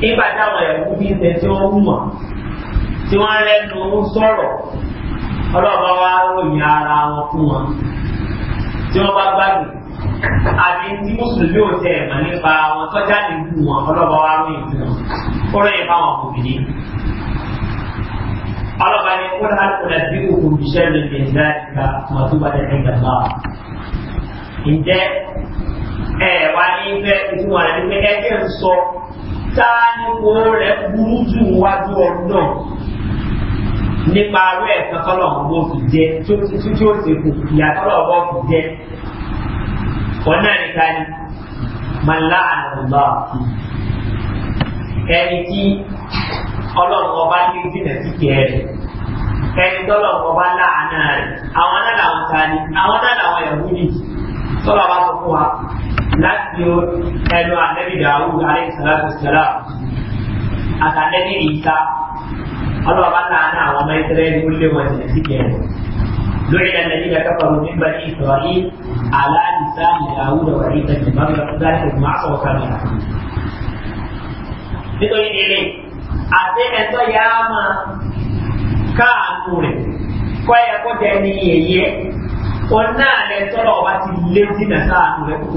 إبدا ويقول إن تسيرهما tí wọ́n lẹ́nu ń sọ̀rọ̀ ọlọ́ọ̀bá wa ròyìn ara wọn fún wọn tí wọ́n bá gbádùn àbí tí mùsùlùmí ò tẹ̀ mọ̀ nípa wọn tọ́jà nínú wọn ọlọ́ọ̀bá wa ròyìn fún wọn ó rẹ̀ bá wọn obìnrin. ọlọ́ọ̀bá ni kó dáa kó lẹ́sí òkun iṣẹ́ mi lè dá ìgbà wọn tó bá dẹ̀ gbàgbà. ǹjẹ́ ẹ wá ní fẹ́ ìtumọ̀ rẹ̀ ní pé ẹgbẹ́ ń sọ táà ní owó rẹ̀ burú jù wájú ọdún náà nípa arú ẹ̀sán tọ́lọ̀ ọ̀gbọ́ fi jẹ tí ó ti kù ìyàtọ̀lọ̀ ọ̀gbọ́ fi jẹ ọ̀nà nìka ni màlá àdùnnà ẹni tí ọlọ́run ọba ní jìnà sí kẹrẹ ẹni tọ́lọ̀ ọba láàánà rẹ̀ àwọn náà làwọn ta ni àwọn náà làwọn ẹ̀wú ni tọ́lọ̀ ọba tó fún wa láti ẹnu ànẹ́bí dàrú alẹ́ ìsàlá tó sẹ́lá àtànẹ́bí ìta ọlọ́ọ̀bá láàánú àwọn ọmọ ìsirẹ́lì ó lé wọn jìnnà sí kẹrin lórí ẹlẹ́yìn lẹ́kọ̀ọ́ ní bá ní ìsọ̀rí aláàdìsá ìdáwúdọ̀ wà ní ìtẹ̀sí bá bá bá ṣe máa sọ kàmì àfihàn. nítorí ilé àti ẹ̀tọ́ yà á máa káàánú rẹ̀ kọ́ ẹ̀ kó jẹ́ ní èyí òun náà lẹ tọ́lọ̀ ọba ti lé jìnnà sáànù rẹ̀ kò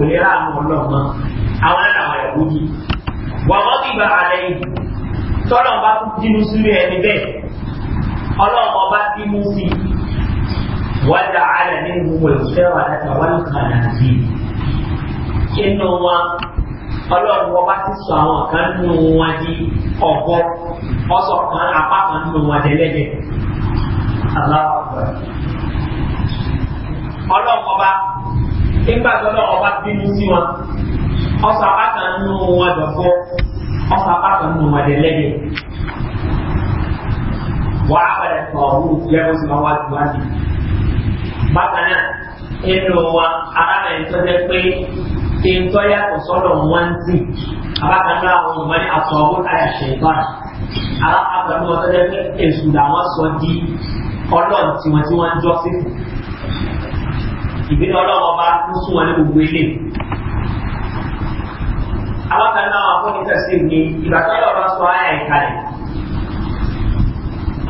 ba àlẹ́ yìí tọ́lọ̀ bá tún bínú sílé ẹni bẹ́ẹ̀ ọlọ́run ọba bínú sí wájà àlẹ́ ní gbogbo ìfẹ́ wà láti àwọn nǹkan àti inú wa ọlọ́run ọba ti sọ àwọn kan nínú wa di ọ̀gọ́ ọsọ kan apá kan nínú wa dẹ́lẹ́dẹ́ ọlọ́run ọba nígbà tó lọ́wọ́ ọba bínú sí wọn ọsọ apá kan nínú wa dọ̀gọ́ ọ̀sán apákan nínú ọmọdé lẹ́yìn wà á bẹ̀rẹ̀ sọ̀rọ̀ lẹ́wọ̀n sí wọn wá ju wá ní. bákan náà nínú wa arábìnrin tó jẹ́ pé ìtọ́ yàtọ̀ sọ́dọ̀ wọn tì abákan náà àwọn ọmọ ní àtọ̀wọ́ àyà ṣẹ̀gbọ́n arábìnrin tó jẹ́ pé èsù làwọn sọ di ọlọ́run tiwọn tí wọ́n ń jọ́ sí. ìbílẹ̀ ọlọ́run ọba ń sún wọn ní gbogbo ilé àwọn kan náà wà fún ìtẹ̀sí ní ìgbà tó yọ̀ bá sọ ayà ìkàlẹ̀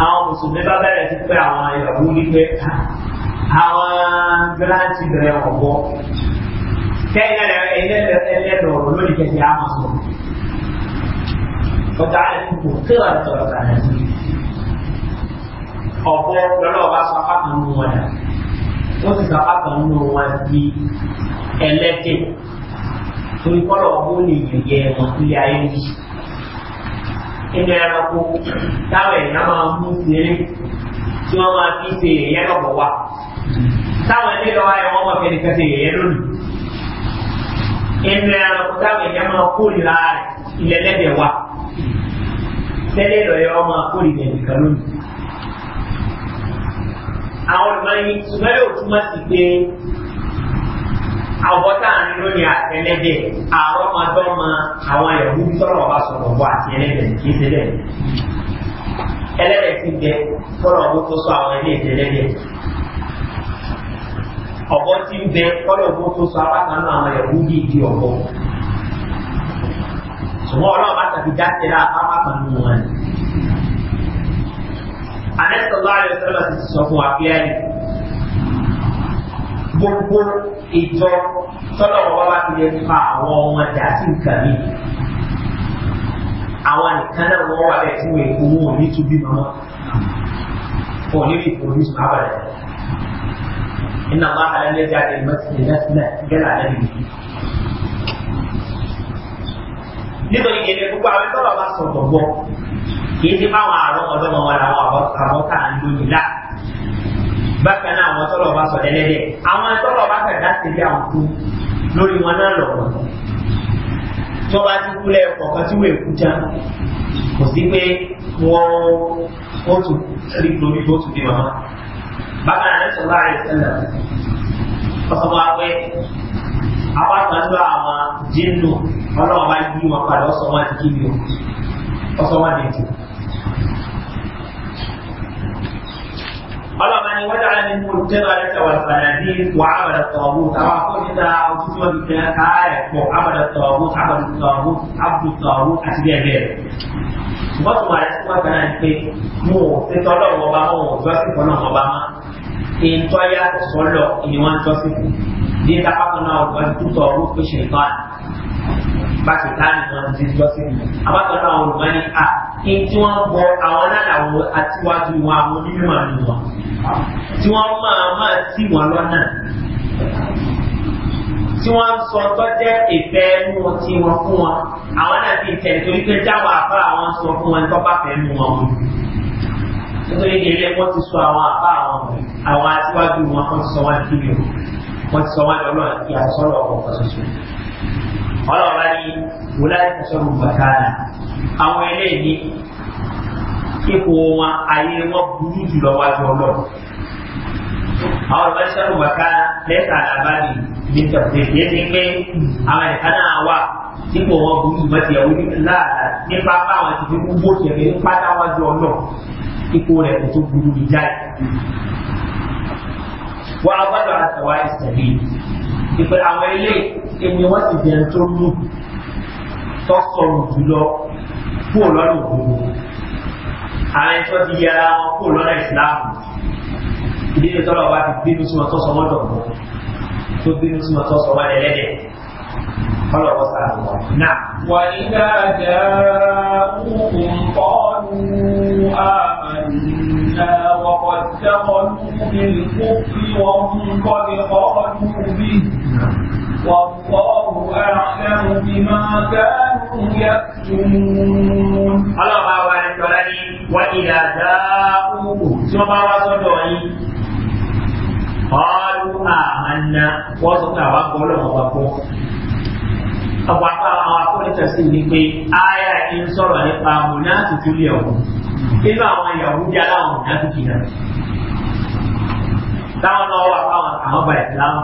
àwọn mùsùlùmí bá bẹ̀rẹ̀ sí pé àwọn ìyàwó ní pé àwọn gíláǹtì bẹ̀rẹ̀ ọ̀bọ kẹ́yìn ẹlẹ́dọ̀ ọ̀rọ̀ lórí kẹsì àmọ̀ sọ ọ̀tá àdìpọ̀ kí wà lọ́tọ̀ ọ̀tá àdìpọ̀ ọ̀bọ lọ́lọ́ bá sọ apá kan nínú wọn ó sì sọ apá kan nínú wọn di ẹlẹ́dẹ̀ẹ́ torí kọ́lọ̀ ọgbọ́n lè yẹ̀yẹ wọn sílé ayé ní. Inú ẹranko táwọn èèyàn máa mú sílé tí wọ́n máa fi ṣe yẹ̀yẹ́ lọ́pọ̀ wá. Táwọn ilé lọ́wọ́ ayé wọ́n máa fẹ́ nìkan ṣe yẹ̀yẹ́ lónìí. Inú ẹranko táwọn èèyàn máa kórìíra rẹ̀ ilẹ̀ lẹ́dẹ̀ wá. Tẹ́lẹ̀ lọ́yẹ̀ wọ́n máa kórìíra nìkan lónìí. Àwọn olùmọ̀ yìí túmọ̀ yóò túmọ̀ sí àwọ̀tá lónìí àtẹlẹ́dẹ̀ àwọn ọmọdọ́mọ àwọn ẹ̀wú tọ́lọ̀ ọba sọ̀rọ̀ bọ́ àti ẹlẹ́dẹ̀ kì í ṣẹlẹ̀ ẹlẹ́dẹ̀ ti bẹ tọ́lọ̀ ọbọ̀ tó sọ àwọn ẹlẹ́ ìtẹlẹ́dẹ̀ ọ̀bọ ti ń bẹ tọ́lọ̀ ọbọ̀ tó sọ abákanú àwọn ẹ̀wú bí ìdí ọ̀bọ ṣùgbọ́n ọlọ́run bá tàbí dáṣẹ́ rà abákanú wọn. anẹ́sọ̀lá ayọ̀sọ́lá ti sọ fún wa kílẹ̀ gbogbo ìjọ tọ́lọ̀ wọn bá ti lè fa àwọn ọmọ dà sí nǹkan mi. Àwọn nìkan náà wọ́n wà bẹ́ẹ̀ tí wọ́n èkó wọn ò ní tún bí mọ́mọ́. Wọ́n ní ìfò ní sùn abàdà. Iná bá alẹ́ lẹ́jà lè mọ́tìlẹ̀ lẹ́sílẹ̀ gẹ́lá lẹ́nu mi. Nítorí ìyẹn gbogbo àwọn tọ́lọ̀ bá sọ̀tọ̀ gbọ́, kì í ti báwọn àrọ́ ọlọ́mọ wọn làwọn àbọ̀tà ń lóyún láà. bákan náà àwọn tọ́lọ̀ bá sọ lẹ́lẹ́dẹ̀ àwọn tọ́lọ̀ bá fẹ̀ láti rí àwọn kú lórí wọn náà lọ wọn tó bá ti kú lẹ́ẹ̀kọ̀ kan tí wọ́n èkú já kò sí pé wọ́n ó tún rí lórí tún bí màmá bákan náà máa ọlọ́run ni wọ́n dára ní kó tẹ́lá ẹ̀ṣẹ̀ wà sàdàdí wà ábàdà tọ̀ọ̀bù táwọn akọ́nìta ojútí wọn ti fẹ́ ká ẹ̀pọ̀ ábàdà tọ̀ọ̀bù ábàdà tọ̀ọ̀bù ábùdù tọ̀ọ̀bù àti bẹ́ẹ̀ bẹ́ẹ̀. ṣùgbọ́n tó wà ní sípò kan náà ni pé mo ò ti tọ́lọ̀ wọn bá wọn ò jọ́sìn kan náà wọn bá má. ìtọ́ yàtọ̀ sọ́lọ̀ ni wọ́n jọ́sìn bá ti ká nìkan ti lọ sí mi abájọba àwọn olùmọ́ni a kí tí wọ́n bọ àwọn aláàwọ̀ àtiwájú wọn àwọn onímọ̀ ni wọn tí wọ́n máa máa tì wọ́n lọ́nà tí wọ́n ń sọ tọ́jẹ́ ìfẹ́ ẹnu tí wọ́n fún wọn àwọn náà fi tẹ̀ torí pé jáwọ́ àbá àwọn sọ fún wọn tó bá fẹ́ mú wọn mú nítorí ilé wọn ti sọ àwọn àbá àwọn àwọn àtiwájú wọn wọn ti sọ wọn kí ni wọn ti sọ wọn lọ́nà ọlọ́run bá ní wúlá ìtàṣọ́rù bàtàlà àwọn eléyìí ipò wọn ayé wọn burú jùlọ wájú ọlọ́run àwọn ọba ìṣẹ́rù bàtàlà lẹ́tà àbábì ní tẹ̀síẹ̀ yé ti pé àwọn ẹ̀ka náà wà ipò wọn burú jùlọ ti ẹ̀wọ́ láàlá nípa báwọn ti fi gbogbo tẹ̀lé pátá wájú ọlọ́run ipò rẹ̀ kò tó burú ní jáì wọ́n á gbọ́dọ̀ àtàwá ìṣẹ̀lẹ̀ ìpè àwọn eléyìí èmi wọ́n sì jẹun tó mú tọ́sọ̀rọ̀ jùlọ kúrò lọ́nà òdodo àwọn ẹ̀tọ́ ti yẹ ara wọn kúrò lọ́nà ìsìláàmù ìdí tọ́lọ̀ wá ti bínú sí wọn tó sọ wọ́n dọ̀gbọ́ tó bínú wọ́n lẹ́lẹ́dẹ̀ kọ́ ní kọ́ọ̀dù bíi. والله أعلم بما كانوا يكتمون الله ما وارد ولدي وإذا جاءوه ثم وصدوني قالوا آمنا وصدنا وقولوا وقولوا ọ̀pọ̀ apá àwọn akọ́lẹ́tà sí ni pé aya ti ń sọ̀rọ̀ nípa mùnátì tó lé ọ̀hún nínú àwọn ìyàwó jẹ́ aláwọn mùnátì kìnnà táwọn náà wà fáwọn àwọn bàìsílámù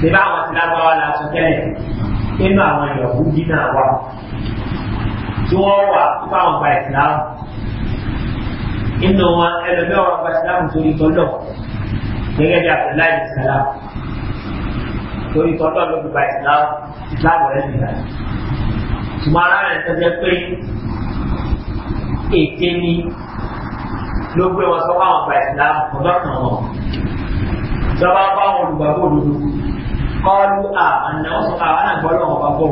ṣe bá àwọn tìlágbáwá la sọ tẹ́lẹ̀ nínú àwọn ìyọ̀kú dínà wà tí wọ́n wà tó bá wọn gba ìsìláàmù nínú wọn ẹlòmíràn wọn gba ìsìláàmù torí tọ́lọ̀ gẹ́gẹ́ bí abdullahi ìsìláàmù torí tọ́lọ̀ ló gba ìsìláàmù ìsìláàmù rẹ̀ nìyà ṣùgbọ́n ara rẹ̀ tó jẹ́ pé ète ni ló gbé wọn sọ fún àwọn gba ìsìláàmù ọ̀dọ́ kan wọn ìjọba bá wọn olùgbàgbọ́ òdodo kọ́lù àmàna wọ́n sọ àwọn àgbọ̀lọ́ wọn bá bọ̀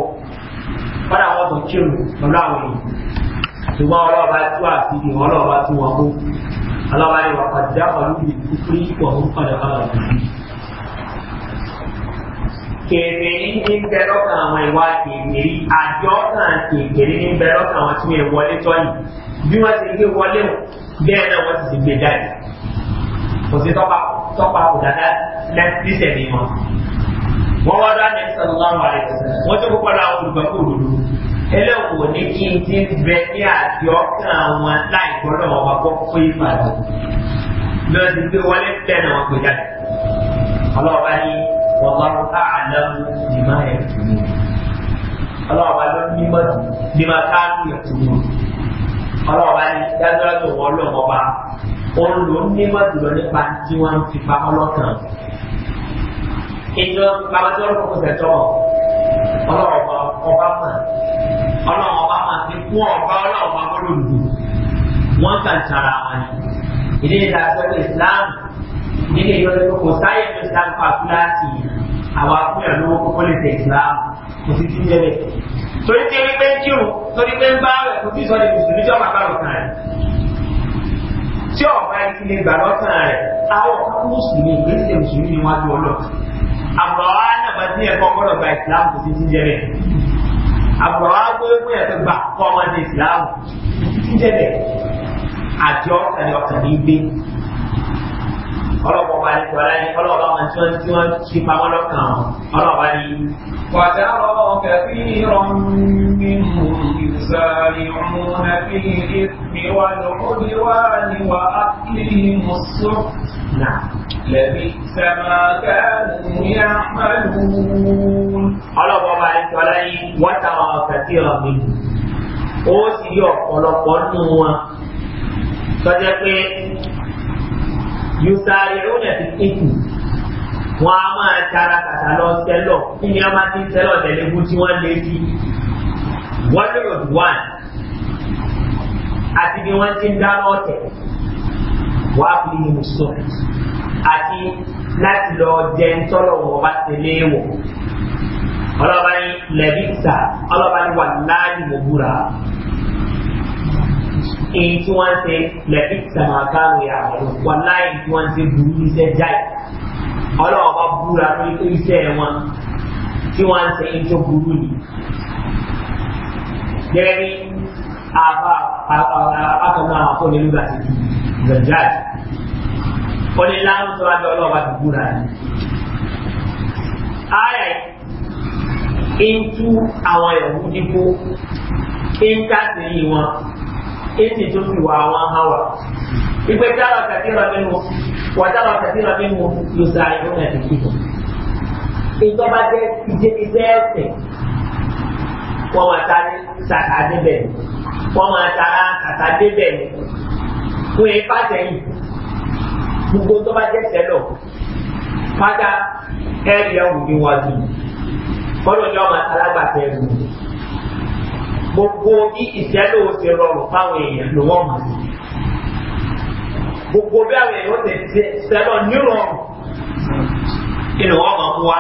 kọ́lá wọn tó kírun pẹ̀lú àwọn èèyàn ṣùgbọ́n ọlọ́ọ̀bá tú àfihàn ọlọ́ọ̀bá tú wọn kó ọlọ́ọ̀bá ni wọ́n kọjá ọlú ní kúkúrí wọ́n ń kọjá ọlọ́ kèmèrí ní bẹ́rọ̀ kan àwọn ìwà kèmèrí àjọ kan kèmèrí ní bẹ́rọ̀ kan àwọn tí wọ́n wọlé tọ́yìn bí wọ́n ti gbé wọlé bẹ́ẹ̀ náà wọ́n ti ti gbé jáde kò sí tọ́pa kò dáadáa lẹ́sẹ̀ ní wọn wọ́n wá dá nẹ́ẹ̀sì sọ́nà wà lẹ́yìn wọ́n tó kópa láwọn olùgbàgbọ́ òdodo ẹlẹ́wọ̀n ò ní kí n ti bẹ ní àti ọ̀kan wọn láì gbọ́dọ̀ wọn wá kọ́ fún ìpàdé lọ́ọ́ ti gbé wọlé bẹ́ẹ̀ náà wọ́n gbé jáde ọlọ́ọ̀bá ní wọ́n bá àlọ́mù ní máa yẹ tùmù ọlọ́ọ̀bá ló ní mọ́tò ní máa káàdù yẹ tùmù ọlọ́ọ̀bá ní dájọ́ tó wọ́n lọ́wọ́ bá òun ló ní mọ́tò lọ nípa tí wọ́n ti pa ọlọ́kàn ìjọ bàbá tí wọn kọkọ sẹjọ ọlọrọ ọba ọba ni ìdí ìdá sọgbẹ islam nínú ìjọ tó kọkọ sáyẹn islam fún akúláàsì àwọn akúnyà lówó islam kò sí ti jẹ bẹẹ torí pé wípé ń kírun torí pé ń bá rẹ kò sí sọ ní mùsùlùmí tí ọba bá rò kàn rẹ tí ọba ìsinmi gbà lọ́sàn rẹ àwọn mùsùlùmí àbọ̀wá nàbà tí ẹ̀kọ́ gbọ́dọ̀ gba ìsìlámù kò sí jíjẹ rẹ̀ àbọ̀wá gbogbo ẹ̀kọ́ gba kọ́ ọmọ ní ìsìlámù kò sí jíjẹ rẹ̀ àjọ ẹ̀yọ̀kàn ní gbé ọlọ́pọ̀ bá ní kọ́lá ní ọlọ́pọ̀ bá wọn tí wọ́n tí wọ́n ti pamọ́ lọ́kàn ọlọ́pọ̀ ní. Wàdàrọ̀ kẹfì rọ̀mí mú ìsàlẹ̀ òun àti ìfì wà lórí wà ní wà á kí mùsù. Nà lẹ́bi sẹ́mà kẹ́lù yá pẹ̀lú. Ọlọ́pọ̀ bá ní kọ́lá ní wàtàrọ̀ kẹfì rọ̀mí. Ó sì rí ọ̀pọ̀lọpọ̀ nù wọn. Tọ́jà pé yusari'una fi ìtù wọn a máa tara kàtà lọ sẹlọ kí ni a máa ti sẹlọ tẹlẹkùn tí wọn lé sí wọlọrọ wọn àti bí wọn ti ń dá ọtẹ wà á fi ìhùn sùn àti láti lọ jẹ ntọ́lọ̀ wọn bá ti lé ọlọ́ba ní lẹ́bíkà ọlọ́ba ní wà láàyè èyí tí wọ́n ń ṣe lẹ́bí sàmàkàrò ìyàwó wọn láì tí wọ́n ń ṣe burú iṣẹ́ jáì ọlọ́wọ́ bá búra lórí pé iṣẹ́ wọn tí wọ́n ń ṣe burú ni. gẹ́gẹ́ bí akọ̀nà àkọ́ nínú àti zanjaj wọ́n ní láwọn tó wájú ọlọ́wọ́ bá ti búra ni. ayà ń tú àwọn ẹ̀wù dípò ń kásìrì wọn èsì tó fi wà wọn hàn wá. ìpè tára kàtíra nínú wà tára kàtíra nínú yóò sa ìlú náà ti fi hàn. ìjọba jẹ́ ìjẹ́kíjẹ́ ẹ̀sẹ̀ wọ́n máa ta ní sàkà débẹ̀ wọ́n máa ta sàkà débẹ̀ fún ẹ pàṣẹ yìí gbogbo tó bá jẹ́ sẹ́lọ̀ pátá ẹ̀rí ẹ̀wù níwájú kọ́dọ̀ ni wọ́n máa ta lágbàtà ẹ̀wù gbogbo bí ìṣẹ́lẹ̀ ò ti rọrùn fáwọn èèyàn ló wọ́n mọ̀ sí. gbogbo bí àwọn èèyàn ó ti ti ṣẹlọ nírọ̀rùn inú wọn mọ̀ fún wa.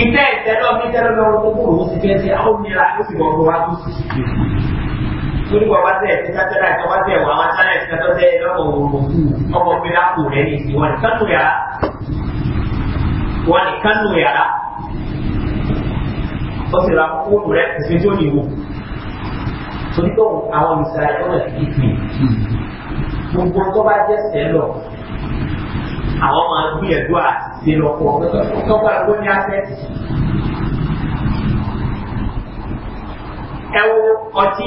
ìfẹ́ ìṣẹ́lẹ̀ mi ṣẹlẹ̀ lọ́wọ́ tó kúrò ó ti fẹ́ ṣe àwọn mìíràn ó sì wọ́n wá tó sì. torí wàá wá tẹ̀ ẹ̀ títí àtẹ́lá ìtọ́ wá tẹ̀ wọ́n àwọn sálẹ̀ ìṣẹ́ tó tẹ́ lọ́wọ́ òkú ọmọ mi ó sì ra kóòtù rẹ kò sí tí ó nìwò torí pé àwọn ìsàlẹ̀ ọ̀nà kìí pè gbogbo tó bá jẹ́ sẹ́lọ̀ àwọn máa gbìyànjú àti ṣe lọ́pọ̀ tọ́gbà tó ní asẹ́tì. ẹ wo ọtí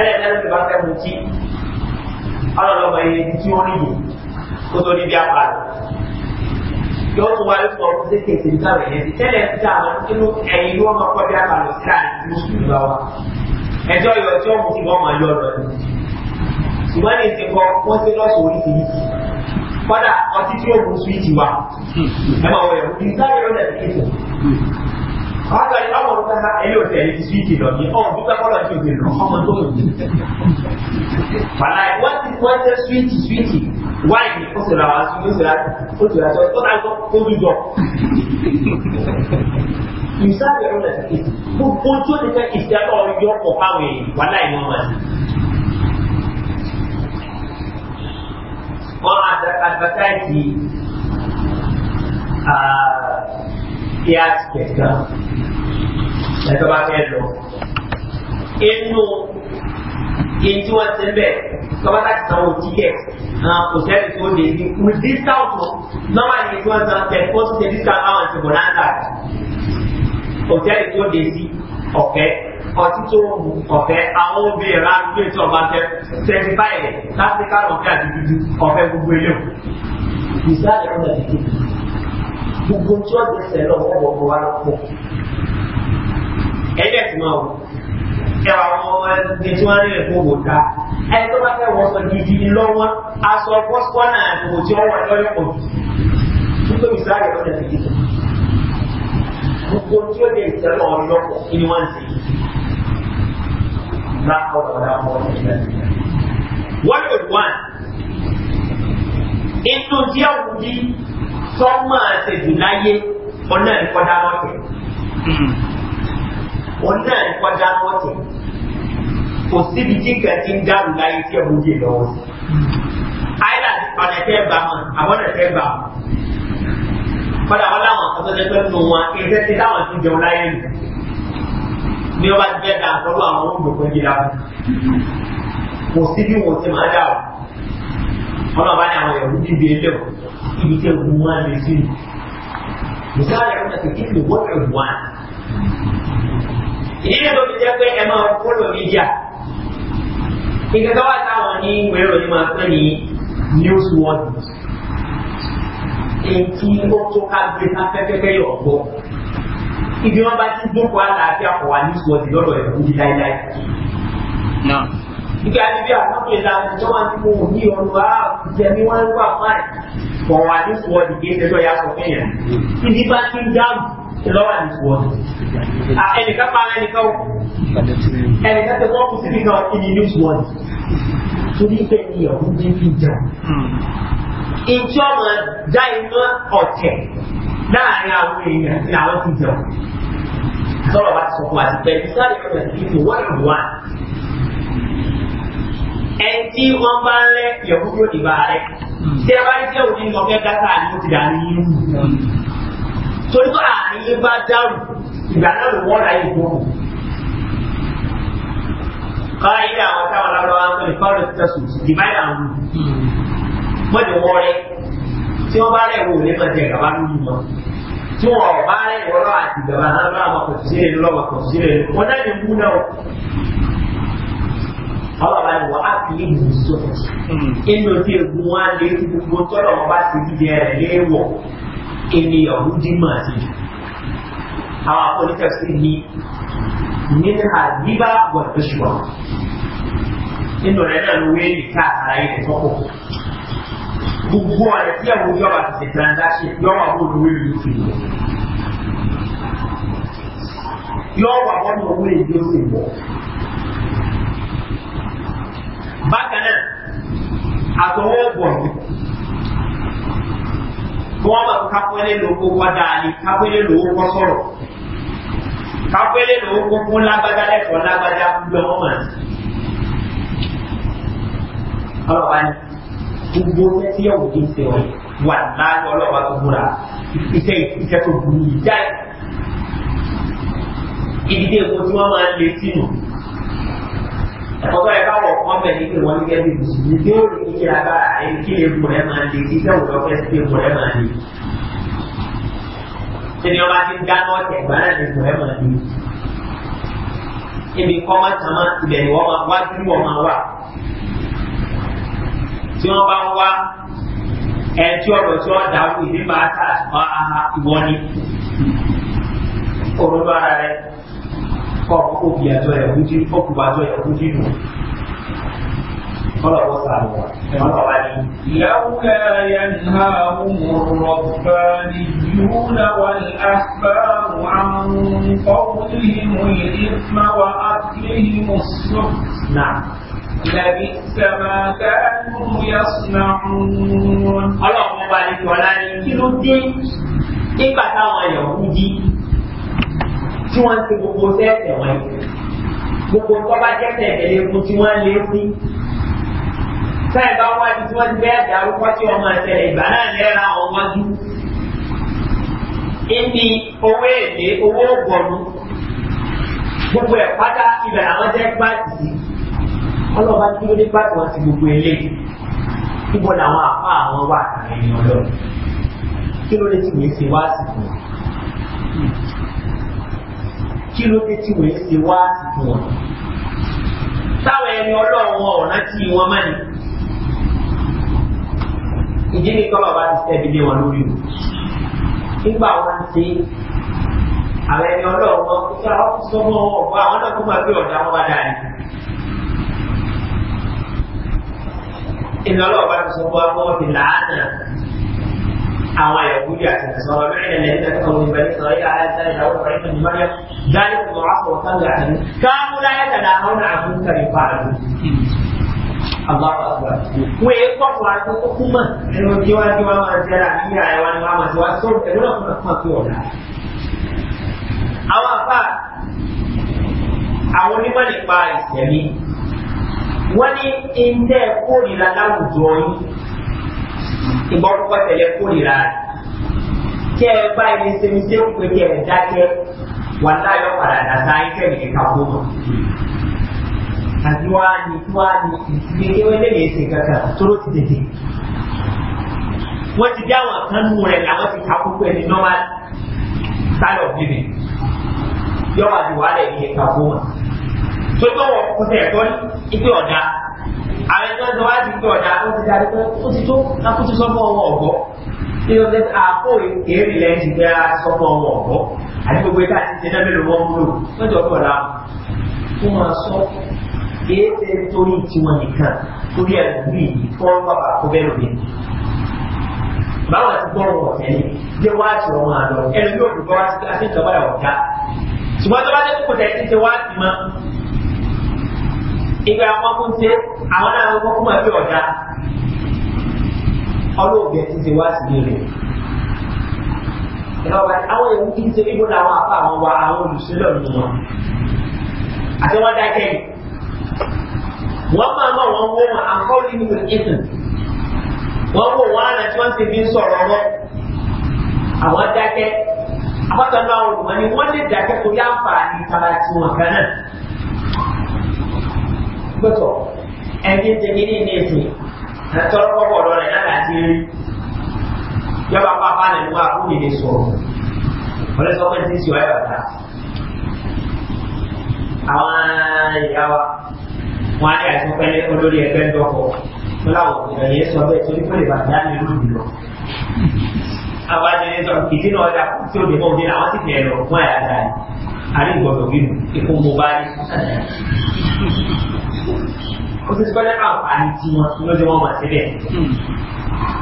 ẹlẹ́dẹ́rẹ́ ti bá fẹ́ mu tí ọlọ́lọ́mọ iye tí ó rí yìí kó tó ní bí yóò tún wáyé fún ọkùnrin sí kèké níta rẹ̀ yẹn tẹ́lẹ̀ ti dà wọn nínú ẹ̀yìn ni wọ́n máa kọ́ bí abalọ̀ síra mùsùlùmí bá wa ẹjọ́ yọ ẹjọ́ mu ti wọ́n máa yọ lọ ni ṣùgbọ́n ní ìsìnkọ́ wọ́n ti lọ́sọ̀ orí ti yìí kọ́dà ọtí tí ó bu suwìtì wa ẹ máa wọ̀ yẹ̀ Ọ̀gá ni ọmọ òun tẹ́lá ẹlé òtẹ́ ẹ̀lé ti sùn kìlọ̀ ní ọ̀hún dúpẹ́ kọ́lọ̀ tí òkè lọ ọmọ tó lò ní. Bàlá ìwọ́n ti wọ́n tẹ́ sùwìtì sùwìtì wáyé ní ó sì ra wàá sùn ó sì ra ó sì ra sọ tó náà gbọ́ kó lù jọ. Ìsáàbẹ̀ ọ̀rọ̀ rẹ̀ ti gbogbo tó ti fẹ́ ìṣẹ́lẹ̀ ọ̀yọ́ pọ̀ fáwọn èèyàn wà láì wọ́n máa wọ́n advertise kí á ti kẹ̀ tán ẹ̀tọ́ bá fẹ́ lọ. inú ìtí wọn ti bẹ̀ tọ́ba láti san owó tíkẹ̀ kò sẹ́ni tó lè ní kùn discount nọ́mbà ní ìtí wọn san ten four ṣe discount àwọn ti bọ̀ náà kò sẹ́ni tó lè sí ọ̀fẹ́ ọtí tó ń mu ọ̀fẹ́ àwọn obìnrin rà gbé tí ọba fẹ́ twenty five láti ká ọ̀fẹ́ àti dúdú ọ̀fẹ́ gbogbo eléwò. ìsáàlì ọ̀dà ti kéde gbogbo tí wọ́n ti sẹ̀ lọ wọ́n bọ̀ bọ̀ wá pọ̀. ẹ̀jẹ̀ ti máa wò ẹ wà wọ́n ẹni tí wọ́n rí rẹ̀ fún wòta ẹni tó bá fẹ́ wọ́n sọ gidi lọ́wọ́ aṣọ bọ́sùpọ̀ náà kò tí wọ́n wà lọ́rẹ́ pọ̀ jù nítorí sáré lọ́dẹ̀ fi dìbò. gbogbo tí wọ́n ti sẹ̀ lọ lọ́pọ̀ kí ni wọ́n ti bá ọ̀dọ̀ ọ̀dà wọn wọ́n yóò wá ètò ìdí àwùjí tọ́mọ̀ àṣejù láyé ọ̀nà ìkọ́dá lọ́tẹ̀. ọ̀nà ìkọ́dá lọ́tẹ̀. kò síbi tí nǹkan ti ń dárò láyé tí ẹ̀ ń jè lọ́wọ́ sí. àìlà ọ̀nà tẹ́ bá mọ̀ àwọn ọ̀nà tẹ́ bá mọ̀. kọ́dà wọn láwọn ọ̀sọ́jọ́ pé nù wọn ẹgbẹ́ ti láwọn ti jẹun láyé nù. ní ọba ti bẹ́ẹ̀ dà àkọ́lù àwọn olùdókòjì láwọn. kò síbi wọn ti máa dà wọ́n ọlọ́ba ní àwọn ẹ̀rú níbi ẹlẹ́wọ̀ ibi tẹ́ wù wọ́n lè sí i. Mùsàlẹ̀ ẹ̀rú náà kìkì ní wọ́n ẹ̀rù wọn. Ìdílé tó fi jẹ́ pé ẹ máa fọ́lọ̀ mídíà. Ìkẹ́kẹ́ wá táwọn ní ìwérò ní máa pẹ́ ní news world. Ètí ó tó ká gbé afẹ́fẹ́fẹ́ yọ̀ gbọ́. Ibi wọn bá ti dúkọ̀ àlàáfíà kọ̀ wá news world lọ́dọ̀ ẹ̀rú ní láíláí nígbà níbi àkókò ìlànà tí wọ́n ti mú òní ọ̀run á jẹ̀mí wọ́n ń wà fáì wọ́n wà ní fún ọdún kéde lọ́ọ́ yà sọ fún yẹn títí bá ti ń dáàbò lọ́wọ́ ní fún ọdún. ẹnìkan pa ara ẹnìkan o ẹnìkan tẹ wọ́n kù síbi kan ìdí ní fún ọdún torí pé ìyàwó jẹ́ kí jà. ìjọ máa dá iná ọ̀tẹ̀ láàrin àwọn èèyàn ní àwọn ti jẹun. sọ̀rọ̀ bá ti sọ fún wa ti pẹ̀lú sáré ẹtí wọn bá ń lẹ yẹkúrò ìbá rẹ hmm. tí a bá ń jẹ́ òní lọ́fẹ́ gáta àní ó ti dà ní yín torí pé àárín yín bá dáhùn ìgbà náà ló wọ́n láyé gbọ́n. káyọ̀ ilé àwọn táwọn aláwọ̀ wọn ní fáwọn ti tẹ̀sùn divide and rule hmm. wọ́n ti wọ́n rẹ tí wọ́n bá rẹ̀ wò ní mọ̀tẹ́ ìgbà bá lóyún mọ́ tí wọ́n bá rẹ̀ wọ́n lọ́wọ́ àti ìgbà bá náà lọ́wọ́ àkọsílẹ̀ lọ́wọ́ àkọsílẹ̀ wọ́n náà lè mú ọlọ́ba ni wọ́n á fi lè yìí sọ̀tì. inú tí egun wa lè ti gbogbo tọ́lọ̀ wọn bá ti jíjẹ rẹ̀ léèwọ̀ ènìyàn ló dín mọ̀ sí jù. àwọn akọ́nítẹ̀sí ni nínú àdíbà wọ̀dọ̀ṣùwà nínú rẹ̀ náà ló wé ní káàkiri ayé rẹ̀ tọ́kọ̀. gbogbo ọ̀rẹ́ tí ẹ̀wọ̀n yọba ti ṣe transaction yọba bó ló wé ló fi lọ. yọba bọ́ ló wé ló fi lọ bákan náà àtọwọ́ bọ̀ wọ́n máa kápẹ́lẹ́ lówó kọ́ dáálé kápẹ́lẹ́ lówó kọ́ sọ̀rọ̀ kápẹ́lẹ́ lówó kọ́ fún lágbájá lẹ́kọ̀ọ́ lágbájá lọ́wọ́ mọ̀ ọlọ́ba ni gbogbo tí yẹ̀wò kí n ṣe ọ̀ wà láàyè ọlọ́ba tó múra iṣẹ́ ìṣẹ́ tó burú yìí jáì ìdílé epo tí wọ́n máa ń lé sínú ọgbọ́n ẹ̀ka wọ̀ kọ́mẹ̀ ní kí wọ́n ní kẹ́bí mùsùlùmí tí ó ní kí agbára rẹ̀ kí ewu rẹ̀ máa le kí sẹ́wọ̀n lọ fẹ́ sí ewu rẹ̀ máa le. Ṣébi ọba ti ń dáná ọ̀tẹ̀ ìgbàlá ní ewu rẹ̀ máa le. Ibi kọ́má tàmá ibẹ̀ ni wọ́n máa wá sí wọ́n máa wà. Tí wọ́n bá wá ẹtí ọ̀rọ̀ tí wọ́n dàrú ìdí máa tà àtúmọ̀ ìwọ́ni. Òrùn lọ́ra rẹ̀ kọ́ọ̀kọ́ kò fi àjọ ẹ̀kú jí kọ́ọ̀kù bá jọ ẹ̀kú jí nù kọ́lọ̀kọ́ sàrọ̀ ẹ̀wọ̀n bàbá ni. lẹ́wùkẹ́ yẹnha umurọ̀bániyún wàlẹ́fẹ́rù àwọn kọ́wùlìhìmù ìrìnmá wa ákìlìhìmù sùn náà. لبئس ما كانوا يصنعون. ọlọ́run ọba ní kí ọlá ní kí ló dé nígbà táwọn ẹ̀yọ̀ kú jí tí wọ́n ń ṣe gbogbo sẹ́ẹ̀sẹ̀ wọ́n yìí gbogbo tọ́ba jẹ́sẹ̀ ìbẹ̀rẹ̀ epo tí wọ́n lé sí sáì bá wá ibi tí wọ́n ti bẹ́ẹ̀ dárúkọ tí ọmọ ìṣẹ̀lẹ̀ ìgbà náà lẹ́ra àwọn wájú ìní owó èlé owó ògbọ̀nù gbogbo ẹ̀ pátá ibẹ̀ làwọn jẹ́ gbáàtì sí ọlọ́ba tí ó dé gbáàtì wọn ti gbogbo eléyìí níbo làwọn àpá àwọn wà àtàlẹ́yìn ọlọ́run kí ló dé tí mi ṣe wá kí ló dé tí wòye ṣe wá fún wọn. táwọn ẹni ọlọ́run wọn ọ̀nà tí wọ́n mọ̀ ní. ìdí ni kọ́lọ̀ bá ti tẹ̀bi lé wọn lórí o. nígbà wọn ṣe àwọn ẹni ọlọ́run wọn kó sára wọn sọ fún wọn ọ̀gbọ́n àwọn náà kó máa gbé ọ̀dà wọn bá dáa ni. ìnáwó ọba ti sọ fún wa kó wọn fi làánà àwọn yahudi àti nasara lórí ẹ̀lẹ́ nígbà tó kọ́ni bẹ̀rẹ̀ sọ̀rọ̀ yà á dá ìyàwó rẹ̀ fún ìmọ̀ yẹn dáyé tó wà fún ọ̀tá rẹ̀ àti káàmù láyé tàdá àwọn àbúrò kàrí pa àdúgbò. Allahu akbar. Wọ́n yẹ kó àwọn àti kó kú mọ̀ ẹnu tí wọ́n ti wá máa jẹ́ra ní àyẹ̀wò ni wọ́n máa ti wá sọ̀rọ̀ ẹ̀rọ náà fún ọ̀tá fún ọ̀dà. Àwọn àfa àwọn onímọ̀ nípa ìṣẹ̀lẹ̀ wọ́n ní ilé ẹ̀kọ́ ìlànà àwùjọ yìí ìbọn kọ́ tẹ̀lé kórìíra rẹ̀ kí ẹ bá ẹni ṣe ní sẹ́kù pé kí ẹ dákẹ́ wà láyọ̀ padà dàtà ayíkẹ́ ní ẹ̀ka kó àdúrà ni ni ìdílé ṣe kankan tó ló ti wọ́n ti ka yọ̀wá ti wà lẹ̀ tó kọ́sẹ̀ àwọn ẹjọ́ ti gbé ọ̀dà ó ti darí pé ó ti tó lápò ti sọ ọmọ ọ̀gbọ́ ní ọjọ́ tí àpò èrè lẹ́yìn ti gbé sọ ọmọ ọ̀gbọ́ àti gbogbo ẹ̀ka ti tẹ̀lé mélòó wọn múlò lọ́jọ́ ọ̀pọ̀ la kó máa sọ èé ṣe torí tiwọn nìkan torí ẹ̀lùmí fún bàbá kó bẹ́ẹ̀ lómi báwọn ti gbọ́ ọ̀rọ̀ ọ̀tẹ́ jẹ́ wá ti ọmọ àlọ́ ẹ̀lùmí òdùkọ́ wá sí ìgbà wọn ṣe àwọn náà máa fi ọ̀dà ti ṣe wá sí ilé rẹ̀. àwọn èèyàn afọ àwọn wa àwọn olùsílẹ̀ wọn. àti wọn dákẹ́ wọ́n àkọ́lé nínú ìtàn. àná tí ti fi ń sọ̀rọ̀ wọn. àwọn dákẹ́. àbátan náà lè dákẹ́ àǹfààní tiwọn gbẹtọ ẹni tẹbi ní ilé ìsìn ẹtọrọ kọkọ ọdọ rẹ náà láti rí yọba pa apá rẹ wá kó nìyẹn sọrọ ọlẹ sọ pé ti sọ ẹ bàtà àwọn ìyá wa wọn á ní àìsàn pẹlẹ olórí ẹgbẹ ńdọkọ fúláwọ ìrẹyẹ sọ bẹẹ torí pé ìbàdàn á ní lóbi lọ àwọn àjẹyẹ sọ ìdí náà ọjà tí ale gbọdọ wí ikú mo bá rí ó ti gbọdọ àǹfààní tí wọn lójú wọn mà síbẹ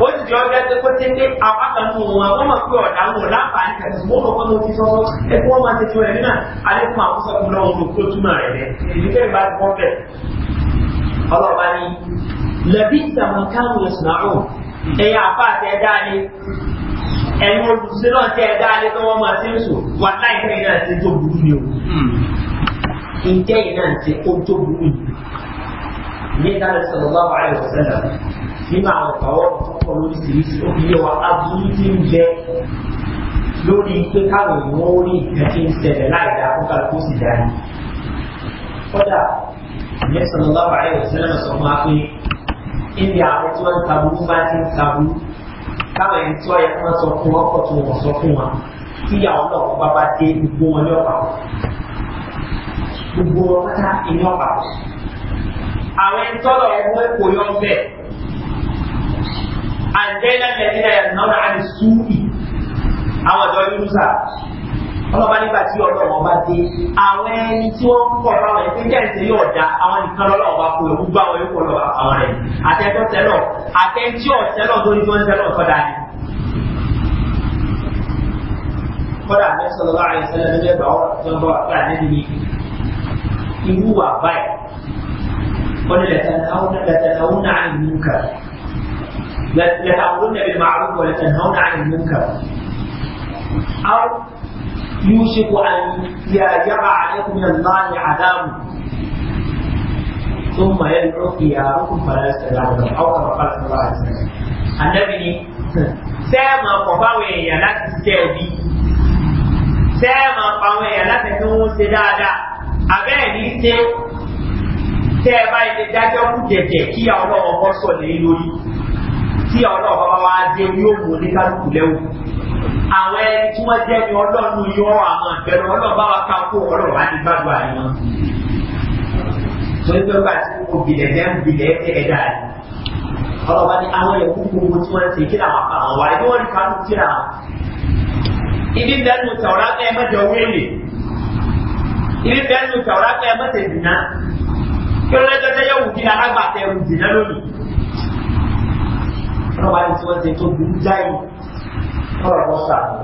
ó sì jọ ọjọ́ pé kó tẹ́tẹ́ apákanú wọn wọ́n mọ̀ pé ọ̀dà wọn láǹfààní kàtí wọ́n mọ̀ pé mo ti sọ́wọ́ ẹ kí wọ́n máa ti na ẹ̀mí náà alẹ́ fún àwọn sọ́kùn náà wọn kó túmọ̀ rẹ̀ lẹ́ ìdí kẹ́rin bá ti wọ́n bẹ̀ ọlọ́ba ni lẹ́bí ìtàwọn káwọn ìsìn àrùn ẹ̀yà àpá àti ẹ̀dá ni ẹ̀yin olùsílẹ̀ náà tẹ́ ẹ dáadé tó wọ́n máa ti ń sùn wà láìpẹ́ yìí náà ti tó burú ni o. ǹjẹ́ yìí náà ti ó tó burú ni. ní dáadé sọ̀rọ̀ bá wàá yọ̀ sẹ́lẹ̀ nínú àwọn ìpàwọ́ ọ̀pọ̀ lóríṣiríṣi ó fi yẹ aburú ti ń bẹ lórí pé káwọn èèyàn ó rí nǹkan tí ń ṣẹlẹ̀ láì dáa kó kálukú sì dáa ni. kódà ní sọ̀rọ̀ bá wàá yọ̀ sẹ́lẹ̀ sọ̀rọ̀ máa àwọn tí wọ́n ń taburú bá ti ń taburú káwọn ẹni tí wọ́n yẹ kí wọ́n sọ fún wọn pọ̀ tí wọ́n sọ fún wọn kíyà ọlọ́run bá bá dé gbogbo wọn ní ọ̀pá gbogbo wọn pátá ní ọ̀pá àwọn ẹni tọ́lọ̀ ẹgbẹ́ kò yọ bẹ́ẹ̀ àdéhùn ẹ̀dínlẹ̀ náà àdìsúwì àwọn ọ̀dọ́ yìí ọlọ́ba nígbà tí ọlọ́wọ́ bá dé àwọn ẹni tí wọ́n ń kọ́ báwọn ẹni pé jẹ́ǹsì yóò da àwọn nìkan lọ́wọ́ bá kó ewu gbá wọn yóò kọ́ lọ àwọn rẹ̀ àtẹ́tọ́ tẹ́lọ̀ àtẹ́ntí ọ̀tẹ́lọ̀ tó ní tó ń tẹ́lọ̀ kọ́dà ni. kọ́dà ní sọ̀rọ̀ láàrin sẹ́lẹ̀ nílẹ̀ gbà ọ́ tó ń bọ̀ àgbà níbi ni irú wà báyìí wọ́n lẹ̀tẹ̀nàwọ́nà àìní múkà lẹ̀tẹ̀nàwọ́nà يوشك أن يقع عليكم من الله عذاب ثم يدعو خياركم فلا يستجاب أو كما قال صلى الله عليه وسلم النبي ni sẹ́ẹ̀mà kọ̀ báwọn èèyàn láti ṣiṣẹ́ òbí sẹ́ẹ̀mà pàwọn èèyàn láti fi wọ́n ṣe dáadáa abẹ́ẹ̀ ní ṣe tẹ́ ẹ báyìí lè dájọ́ kú jẹ̀jẹ̀ kí àwọn ọlọ́wọ́ bọ́ sọ̀lẹ̀ lórí tí àwọn ọlọ́wọ́ bá wá dé yóò mú oníkálukú lẹ́wọ̀n àwọn ẹni tí wọ́n jẹ́ ní ọlọ́run yọ àwọn ìbẹ̀rù ọlọ́run bá wa ká kó ọlọ́run wá ní gbàgbọ́ àyàn. torí pé bá ti kó bìlẹ̀ jẹ́ ń bìlẹ̀ ẹ̀ ẹ̀ dáa yìí. ọlọ́wọ́ ni àwọn ẹ̀kú gbogbo tí wọ́n ti kí làwọn pa àwọn wáyé wọ́n ní kanú kí làwọn. ibi bẹ́ẹ̀nu tàwọn akẹ́ ẹ mẹ́jọ wíìlì. ibi bẹ́ẹ̀nu tàwọn akẹ́ ẹ mẹ́tẹ̀ dìná. kí ọlọ́jọ́ tẹ́yẹ wù kí lágbàtẹ̀ wù dìná lónìí. ọlọ́wọ́ kọ́rọ̀ bọ́ sàmù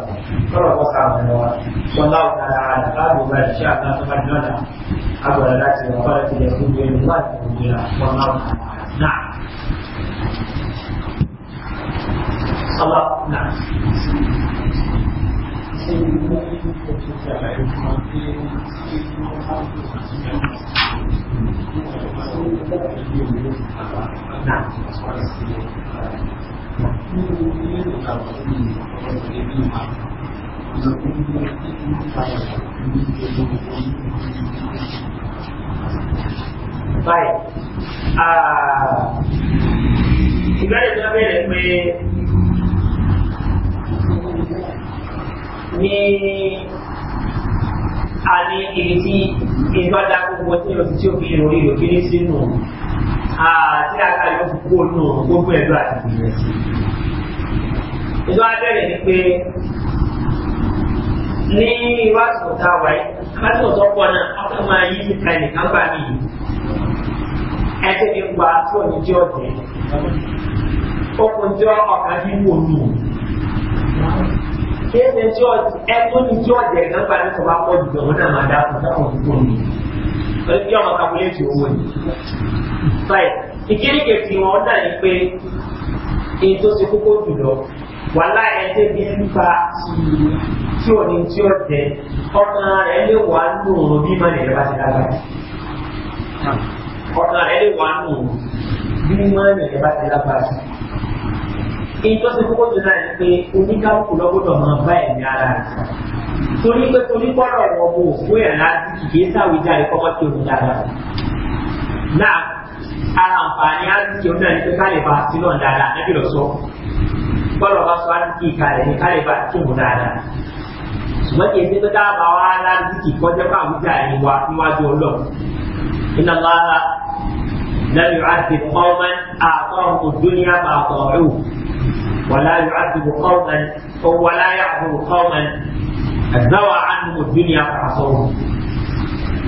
kọ́rọ̀ bọ́ sàmù lọ wa sọlá ọ̀tara àlà káàbù bá ìṣe àtàkùn lọ́nà agbára láti wà fọ́lá ti yẹ fún mi wà ní òmìnira sọlá ọ̀tara náà. sọlá náà. Nah. Baik. Uh, jika ada dalam ini ni a ní èyí tí ìgbà dákò wọ́n tí yóò tí ó fi ìròrí òkè ní sínú àti àkàrí ó fi gbogbo ẹ̀dọ́ àti ìrẹsì ìjọ abẹ́rẹ́ ni pé ní iwájú ọ̀tá wáyé kájú ọ̀tọ́ pọ̀ náà ọkọ̀ máa yí ìka nìkan gbà mí yìí ẹsẹ̀ mi gba tó ní jẹ́ ọ̀tẹ̀ okùn jẹ́ ọ̀kan bí wò lù kéde jẹ́ ọ̀tẹ̀ ẹkún ní jẹ́ ọ̀tẹ̀ gbà mí tó pọ̀ jù lọ́wọ́ náà máa dákun dákun tó kún mi lórí ọmọ kakuléètì owó ni báyìí ìkéríkè tí wọn náà ni pé èyí tó ṣe kókó jù lọ wàhálà ẹ̀jẹ̀ bí ń fa tí ò ní tí ó jẹ ọ̀nà rẹ̀ lè wà nù bí má lè bá ti dàgbà ọ̀nà rẹ̀ lè wà nù bí má lè bá ti dàgbà ìjọsí kókó jù náà ni pé oníkálukú lọ́gbọ́dọ̀ máa bá ẹ̀mí ara rẹ̀ sọ. torí pé torí gbọ́dọ̀ wọ bò fún ẹ̀ láti kìkì sáwìjáde kọ́kọ́ tí omi dáadáa. náà ara àǹfààní á ti ṣe onídàájú kọ́lọ̀ bá sọ àdìsí ìkàlẹ̀ ní kálẹ̀ bá tí mo dáadáa. ṣùgbọ́n kì í ṣe pé dábàá wa ládìsí kọjá bá àwùjá ẹni wa níwájú ọlọ́run. iná bá lẹ́nu àti kọ́mẹ́ àtọ́run kò dúnyá bá àtọ̀rù wàlá yóò àti kọ́mẹ́ owó wàlá yà àbúrò kọ́mẹ́ àdáwà ánú kò dúnyá bá àtọ̀rù.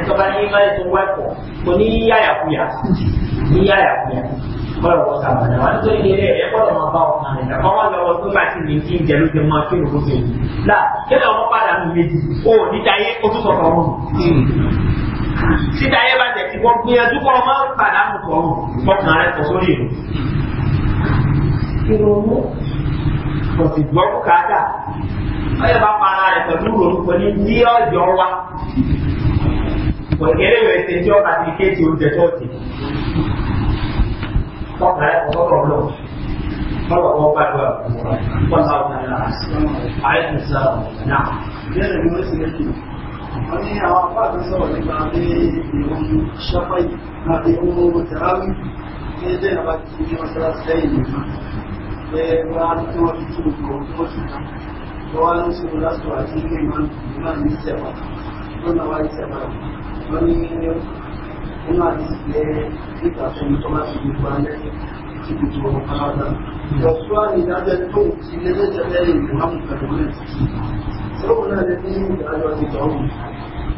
ẹ̀tọ́ bá ní ìmáyé tó wẹ́pọ̀ kò ní yáyàkúyà ní yáyàkúyà bọ́lá wọ́n sàmàlà wọn nítorí ilé rẹ̀ gbọ́dọ̀ máa bá ọmọ rẹ̀ lọ́wọ́ wọn lọ́wọ́ tó bá ti lè fi ìjẹ́ ló ti máa kírun fún tèmi là kílẹ̀ ọmọ padà nù méjì ó ní dayé ó tún sọ̀tọ̀ ọ̀run títa ayé bá tẹ̀ tí wọ́n gbìyànjú kọ́ ọmọ padà nù sọ̀run ọkàn rẹ̀ sọ sórí ìlú. ìrònú kò sì gbọ́ bùkátà ọ̀yẹ́ bá para rẹ̀ pẹ̀lú ìrònú pẹ̀lú ní ọ̀jọ̀ wa òkèlèwé ṣe tí ó àtìkéètì oúnjẹ tó ti ọkà ẹ̀kọ́ lọ́rọ̀ lọ lọ́rọ̀ wọn bá lọ wọn náà wọn náà àìsàn sáà náà. bẹ́ẹ̀ ni wọ́n ti rẹ̀ kí wọ́n ní àwọn apá àti wọ́n ní nínú àti ìsìlẹ̀ nípa fẹ́ni tó bá ti gbogbo alẹ́ ti gbogbo ọmọ pàápàá ọ̀ṣọ́ àìdájọ́ tó ti lẹ́lẹ́ tẹ́lẹ̀ ìlú àmùkà lórí ìtìkì lóòrùn náà lè ní ìdájọ́ ti tọ́hùn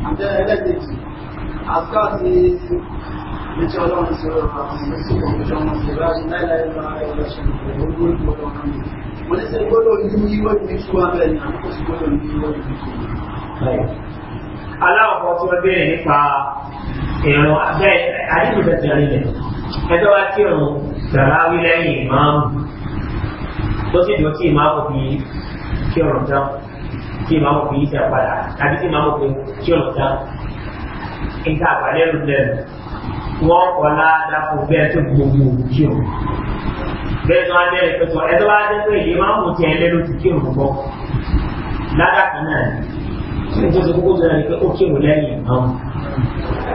àbẹ́ ẹlẹ́dẹ̀ẹ́jì àṣà àti ìjọ ọlọ́run sí ọ̀rọ̀ àwọn ìgbésíkọ̀ ìjọ ọmọ sí láti láìláì bá ẹgbẹ́ ṣe ìgbẹ̀rún gbogbo ọmọ mi mo ní sẹ́gbọ́dọ̀ ní ìwọ́n ní ṣúwá bẹ́ẹ̀ ni àkókò sí gbọ́dọ̀ ní ìwọ́n ní ṣúwá aláwọ̀kọ́ tí wọ́n bèèrè nípa ìrún abẹ́ àdínúfẹ̀sẹ̀ nílẹ̀ ẹjọ́ wá kí òun tàràwí lẹ́yìn ìmáàmù tó sì dùn kí ìmáàmù fi kí òun tán kí ìmáàmù fi ìṣẹ́ padà tàbí kí ìmáàmù fi kí òun tán nǹkan àgbàlẹ́rù lẹ́nu wọ́n kọ́ ládàá fún bẹ́ẹ̀ tó gbogbo kí òun bẹ́ẹ̀ tó wá bẹ̀rẹ̀ pẹ̀tọ̀ ẹjọ́ wá jẹ́ pé ìmáàmù tiẹ̀ lẹ́nu ti kí òun bọ́ ládàá náà nítorí gbogbo tó ok mulher ó kéwù lẹ́yìn ìmáàmù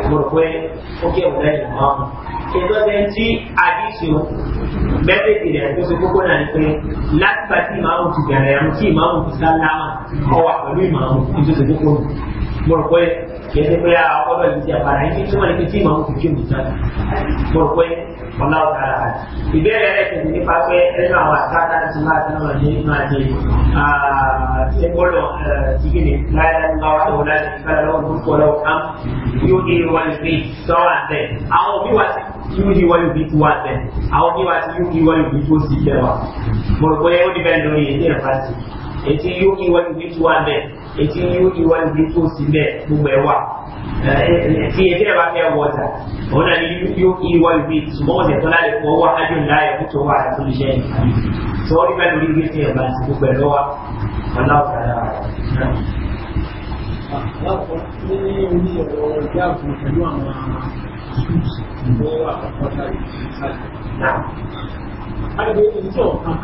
mo rò pé ó kéwù lẹ́yìn ìmáàmù ìtọ́jẹ́ tí àdíṣe mẹ́tẹ̀ẹ̀tì rẹ̀ tó ṣe kókó náà ni pé látìgbà tí ìmáàmù ti bẹ̀rẹ̀ àrùn tí ìmáàmù ti sá láwọn ọwà pẹ̀lú ìmáàmù ìtọ́jẹ́ kókó mo rò pé kì í ṣe pé ọkọ bẹ́ẹ̀ mi ti àpàdà yìí tí wọ́n ní kí màmú fi kí mi tán mo rò pé ọ̀la ọ̀tá ara rẹ̀. ìbéèrè rẹ̀ tẹ̀lé nípa pé ẹnu àwọn àtàkà ti máa ti náà ní máa ti ṣe gbọ́dọ̀ ti kí ni láyé nípa wà lọ́wọ́ láti fi kálá lọ́wọ́ lórúkọ lọ́wọ́ kan yóò dé wáyé pé sọ́wọ́ àtẹ àwọn òbí wa ti yóò di wáyé òbí tó wá tẹ àwọn òbí wa ti yóò di wáyé òbí tó sì tẹ wa mo rò pé ó dìbẹ́ lórí èdè ẹ̀fà sí i etí yóò ní one b two one bẹ́ẹ̀ etí yóò ní one b two sí bẹ́ẹ̀ gbogbo ẹ̀ wà tí etí ẹ̀ bá fẹ́ ni yóò ní one b ṣùgbọ́n ọ̀sẹ̀ tó láti fọ́ wá ájú ńlá ẹ̀ kútó wà láti lè ṣe ìkàlẹ̀ tó wọ́n nígbà lórí bí ti ẹ̀bà sí gbogbo ẹ̀ lọ́wọ́ ọlọ́ọ̀tà náà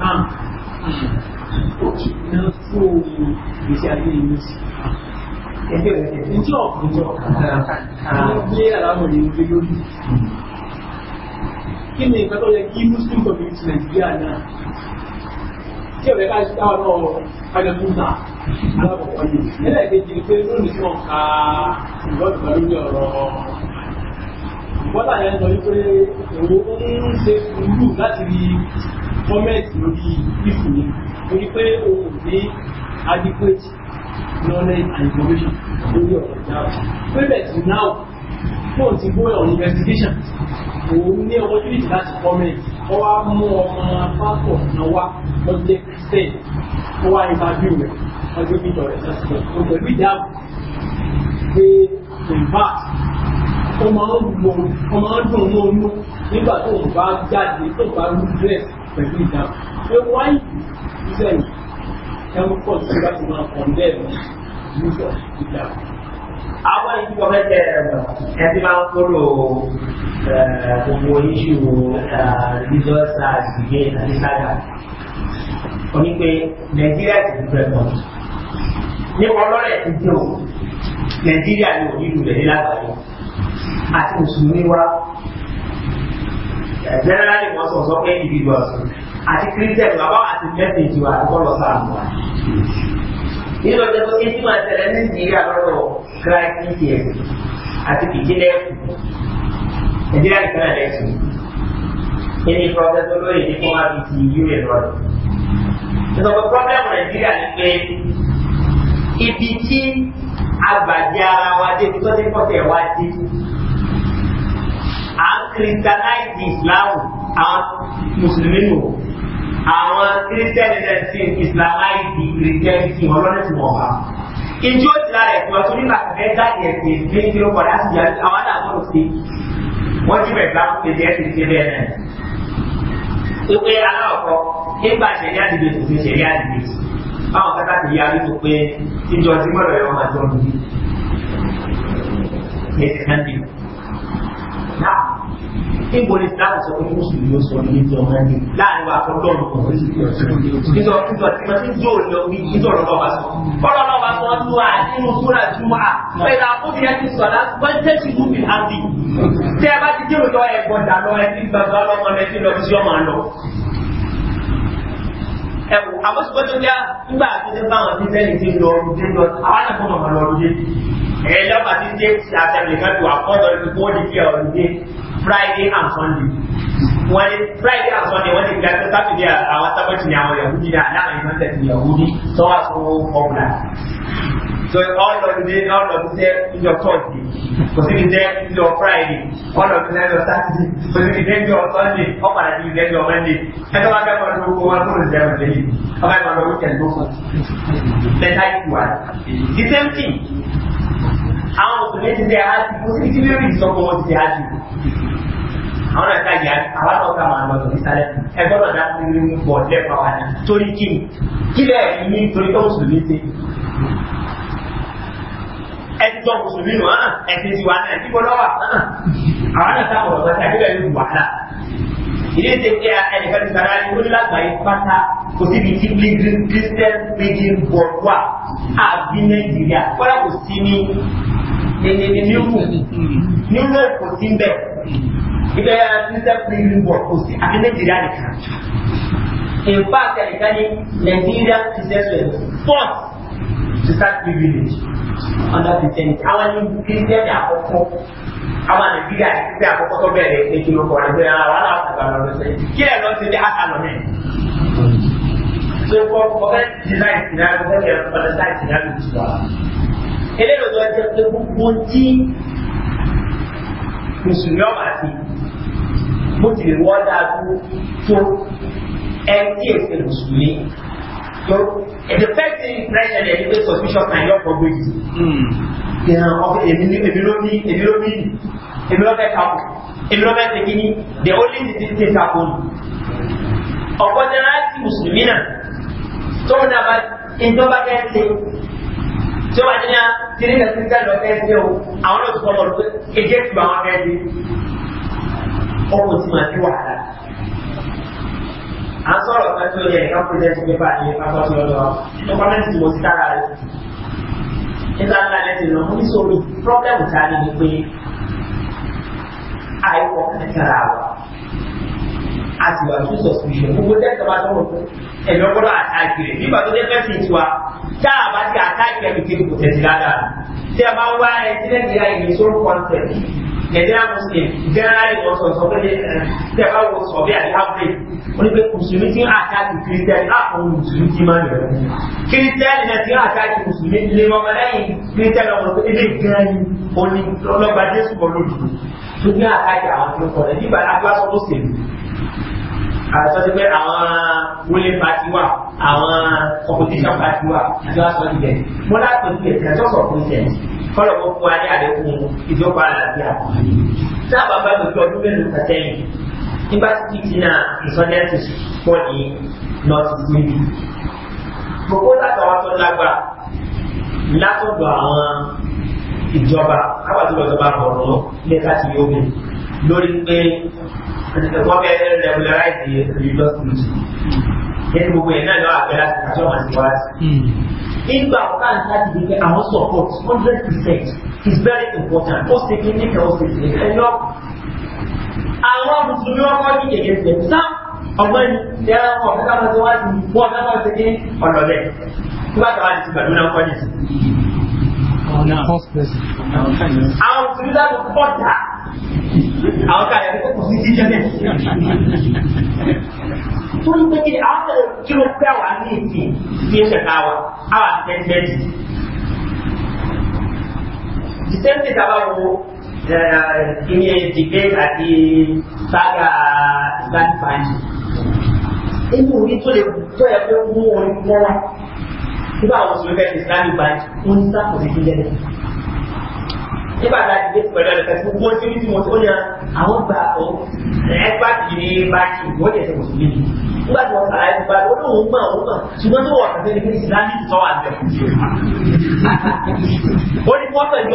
òkè náà fún òun gbèsè ayé ìlú sí ẹgbẹ́ rẹ̀ tẹ̀lé tí ọ̀pọ̀ jọ àwọn ilé aláwọ̀ ní ojú lórí kí ni nǹkan tó yẹ kí muslim community nàìjíríà náà kí ọ̀rẹ́ ká ṣe táwọn náà fàjọtúnta alákọ̀ọ́kọ́ yìí ẹlẹ́ẹ̀kejì ni pé lónìí tí wọ́n ka ìwọ́dùnmọ́ lórí ọ̀rọ̀ bọ́lá yẹn sọ wípé òun ń ṣe sùúrù láti rí kọ́mẹ́ǹtì lórí ìfún yìí torí pé o ní adequate knowledge and information lórí ọ̀rọ̀ ìjáwó pébẹ̀ tí náà fóòn ti gbóyọ̀ on investigation òun ní opportunity láti comment wọ́n wá mú ọmọ pásọ̀ náà wá lọ́dún jẹ́ christian ó wá interview rẹ̀ ọjọ́ bí ìjọ rẹ̀ sẹ́sẹ̀ pẹ̀lú ìdáàbò pé in fact ó máa ń lo ó máa ń dùn mọ́ inú nígbà tó ń bá jáde tó bá rú dress pẹ̀lú ìdáàbò pé wáyé iṣẹ́ yìí ẹ̀rù pọ̀ sí láti máa kàn bẹ́ẹ̀ ní ìjọ ìjà. Àwọn ìdíkọ̀ mẹ́tẹ̀ ẹbí máa ń kúrò gbogbo iṣu religious àgbègbè àti sága. Ó ní pé Nàìjíríà ti di pẹ̀lú nípa ọlọ́rẹ̀ ti dùn Nàìjíríà ni òní ìlú rẹ̀ nílágbàáyé àti Mùsùlùmí wá. Generally, wọ́n sọ sọ pé individuals àti kírísítẹ̀nì bàbá àti mẹ́sẹ̀jì wa àti kọ́lọ̀ sáàmù wa. nínú ọjọ́ tó kéjì máa tẹ̀lé ní nàìjíríà lọ́dọ̀ kíráìsì àti ìjìnlẹ̀kù nàìjíríà nìkan náà lẹ́sùn. ẹni pọfẹsọ lóye ní fún wa bíi ti un lọ́dọ̀. ìsọ̀kọ̀ pọ́blẹ́mù nàìjíríà ni pé ibi tí agbàjẹ́ ara wa dé tó dé pọ́tẹ̀ wa dé à ń kírísítáláìsì ìsìláàmù àwọn mùsùlùmí nù àwọn kírísítẹ́nì náà ti ìsìlámáìdì kírísítẹ́nì tí wọ́n lọ́nà tí wọ́n wá. ìjọ ti lára ẹ̀sìn wọn tó nígbà kẹfẹ́ jáde ẹ̀sìn ní ìdílé padà sí yàrá àwọn àdàgbọ́n sí wọ́n ti bẹ̀rẹ̀ bá pèsè ẹ̀sìn sí bẹ́ẹ̀ náà. wípé aláwọ̀kọ́ nígbà ìṣẹ̀lẹ̀ àdìgbè kò sí ìṣẹ̀lẹ̀ àdìgbè báwọn kátà ti yá wípé pé ìjọ ti mọ̀rọ̀ ẹ̀rọ máa jọ níbo ni láti sọ pé mùsùlùmí ó sọ ní ìjọ máa ní láàrin wa fún lọ́rùn kan níjọ níjọ tí wọ́n ti ń jó ìlọ wí níjọ lọ́wọ́ wa sọ. bọ́lá lọ́wọ́ sọ ń lo àdínú súra jùmọ̀ à pẹ̀lú àkóbí ẹ ti sọ̀rọ̀ wọ́n tẹ́ sí gúmi àbí. tí ẹ bá ti dé òjò ẹ̀gbọ́n dà lọ ẹ ti gbàgbọ́ ọlọ́mọ rẹ ti lọ sí ọmọ lọ. ẹ wò àbọ̀sibọ́tò bí nígbà tó ti bá wọn ti sẹ́yìn ti lọ ti lọ àwọn àtàkùn ọmọ lọ lóye. ẹ̀yẹ́ lọ́pàá ti dé àtẹ̀lẹ́kẹ́ tó àkọ́jọ́ ìfowópamọ́ friday and sunday wọ́n ní friday and sunday wọ́n ti gba tó sátidé àwọn sábẹ́tì ní àwọn yahudi náà láwọn ìmọ̀ tẹ̀sí yahudi tó wà fún ọ̀gbìnà so ọlọ́dúnjẹ ọlọ́dúnjẹ ńjọ tọ́jú kò sí ní jẹ́ ńjọ friday ọlọ́dúnjẹ ńjọ sátidé kò sí ní jẹ́ ńjọ sunday ọ̀padà sí ní jẹ́ monday ẹ̀tọ́ wá fẹ́ kọ́ ló kó wọn tó lè jẹ́ ọ̀dẹ́ yìí ọba ìmọ̀ lọ́wọ́ tẹ̀ ló fún lẹ́tà ìwà the same thing àwọn òṣèlú ti tẹ̀ á ti kó sí ní kí lórí ìsọ̀kọ̀ wọn ti tẹ̀ á ti kó àwọn náà ká yà àwọn náà ká máa lọ sí sálẹ̀ ẹ gbọ́dọ̀ dá sí ní bọ̀ lẹ́kọ̀ọ́ wa ní torí kí ni kílẹ̀ ní torí tó mùsùlùmí ṣe ẹ ti tọ́ mùsùlùmí nù hàn ẹ ti ti wà náà ìdíbò lọ́wọ́ hàn àwọn náà ká bọ̀ lọ́sẹ̀ àbíbẹ̀ yóò wàhálà ilé ṣe pé ẹnìkan ti sara ẹni wọlé lágbàáyé pátá kò síbi tí christian meeting board àbí nàìjíríà kọ́lá kò sí ní ní ní ní ní ní ní ní ní ní ní ní ní ní ní ní ní a ibẹ̀ yà sísẹ́ pínlú bọ̀ kò sí àti nàìjíríà nìkan se fact ẹ̀ka ní nàìjíríà ti sẹ́sọ̀ ẹ̀ force to start privilege under christianity àwọn ní christian àkọ́kọ́ àwọn nàìjíríà ti sẹ́ àkọ́kọ́ tó bẹ̀rẹ̀ ètò ìlọ́kọ̀ àti àwọn aláàbò lọ́dọ̀ sẹ́yìn kí ẹ̀ lọ sí ilé àtàlọ́ náà so for for that design scenario for that for that design scenario ti wà eléyìí ló jẹ́ pé gbogbo tí mùsùlùmí ọ̀bà ti bó ti lè wọ́n dáa dúró tó ẹ tí è ṣe mùsùlùmí so the first thing impression ẹ̀ ní pé suspicion kan yọ ọkọ̀ gbèjì ìhàn ọkọ̀ èmi ní èmi ló ní èmi ló ní èmi ló fẹ́ kàwé èmi ló fẹ́ ṣe kíní the only thing ti ta fún ọ̀pọ̀ jẹ́ láti mùsùlùmí náà tó ń dábàá ìjọba fẹ́ ṣe tí ó bá jẹ́ ní a ti ní ìgbà tí ń sẹ́lọ̀ fẹ́ ṣe o àwọn olùkọ́ ọmọ olùkọ́ ẹjẹ́ ti bá wọn fẹ́ ṣe ọkùn tí màá fi wà á. à ń sọ̀rọ̀ kan tó yẹ ẹ̀ka pírẹ́sì pépà ní pásọ̀tì ọ̀dọ́ ní kọ́mẹ́ntì mo ti tára rẹ̀. nígbà ńlá lẹ́sìn náà mo ní sórí pírọ́blẹ́mù tá a ní ni pé àìwọ̀ kẹtàrà wa àti wà tún sọ̀sùnṣẹ̀ gbogbo tẹ́tọ̀ bá tọrọ fún ẹ̀yọ́ gbọ́dọ̀ àtàkì rẹ̀ nígbà tó dé fẹ́sìn tiwa tá a bá ti àtàkì rẹ̀ kékeré kò tẹ̀sí ládàá tí a bá wá ẹ sílẹ̀ nígbà ìgbésóró kọ́ńtẹ̀tì yẹ̀dá muslim generally ọ̀sọ̀ sọ pé tẹ bá wo sọ bí àdáwọ̀lẹ̀ wọ́n ní pé mùsùlùmí tí ń àtàkì kírísítẹ́nì láàpọ̀ mùsùlùmí tí máa ń rẹ̀ kírísítẹ́nì náà tí ń àtàkì mùsùlùmí lè mọ́ mọ́lẹ́yìn kírísítẹ́nì ọmọ pé ilé gan-an oní lọ́gbàdé ṣùgbọ́n lójú tó ní àtàkì àwọn tó kọ̀ àtọ́sí pé àwọn wọlé pati wà àwọn competition pati wà àti wà sọ́ọ́ ibẹ̀ mo láti ní ẹ̀sìn àti ọ̀sọ̀ consent kọ́lọ̀ kó fún wa ní àdéhùn ìjọba àlàáfíà sábà bá mi fi ọdún mélòó kan sẹ́yìn nígbà tí kìí na ìsọdẹ́ẹ̀tì pọ̀ ní north níbi gbogbo látọwọ́ tó lágbà látọ̀dọ̀ àwọn ìjọba káwàtúwọ̀ ìjọba àbọ̀rọ̀ lẹ́ka ti yóò bẹ̀rẹ̀ lórí pé wọ́n fẹ́ regularize religious teaching yẹn gbogbo yẹn náà lọ àgbẹ̀ láti kàtí ọmọ sí wá sí. Nígbà ọ̀ká ń ti di pé support hundred percent very important ó ṣe kí ní kẹ́wọ́ ṣe ṣe ẹ lọ. Àwọn mùsùlùmí wọn kọ́ ní kẹ̀kẹ́ ṣe sá ọ̀gbẹ́ni ṣe é wọn ọ̀fẹ́ káwọn ṣe wá sí wọn ọ̀fẹ́ káwọn ṣe ní ọ̀nà rẹ̀. Nígbà táwọn ti Oh, àwọn òṣèlú láti pọ́tà àwọn kan yẹn kò sí jíjẹ bẹ́ẹ̀. torí pé kí àwọn tẹ̀lé kí ló pẹ́ wà ní èdè kí ẹ ṣẹ̀ka wa àwọn àtẹ̀tẹ̀tì. ìsẹ́ńtì sábà wo ìyẹn dìbẹ́ àti sága ìbánipáyì. inú orí tó lè tó ẹ kó mú orin mọ́ wa nígbà àwọn mùsùlùmí fẹ́ islamic bank wọ́n ń sáfò sí ilé rẹ̀ nígbà tá a ti dé pẹ̀lú ẹ̀rọ kẹsì gbogbo tí ní mo tó yan àwọn gbà ó ẹgbà tì ní báńkì wọ́n jẹ́ sẹ́ mùsùlùmí ni nígbà tí wọ́n sàlàyé nípa ó ní òun gbà òun gbà ṣùgbọ́n tí wọ́n kàfẹ́ ní pé islamic sọ wà ní wọ́n pẹ̀lú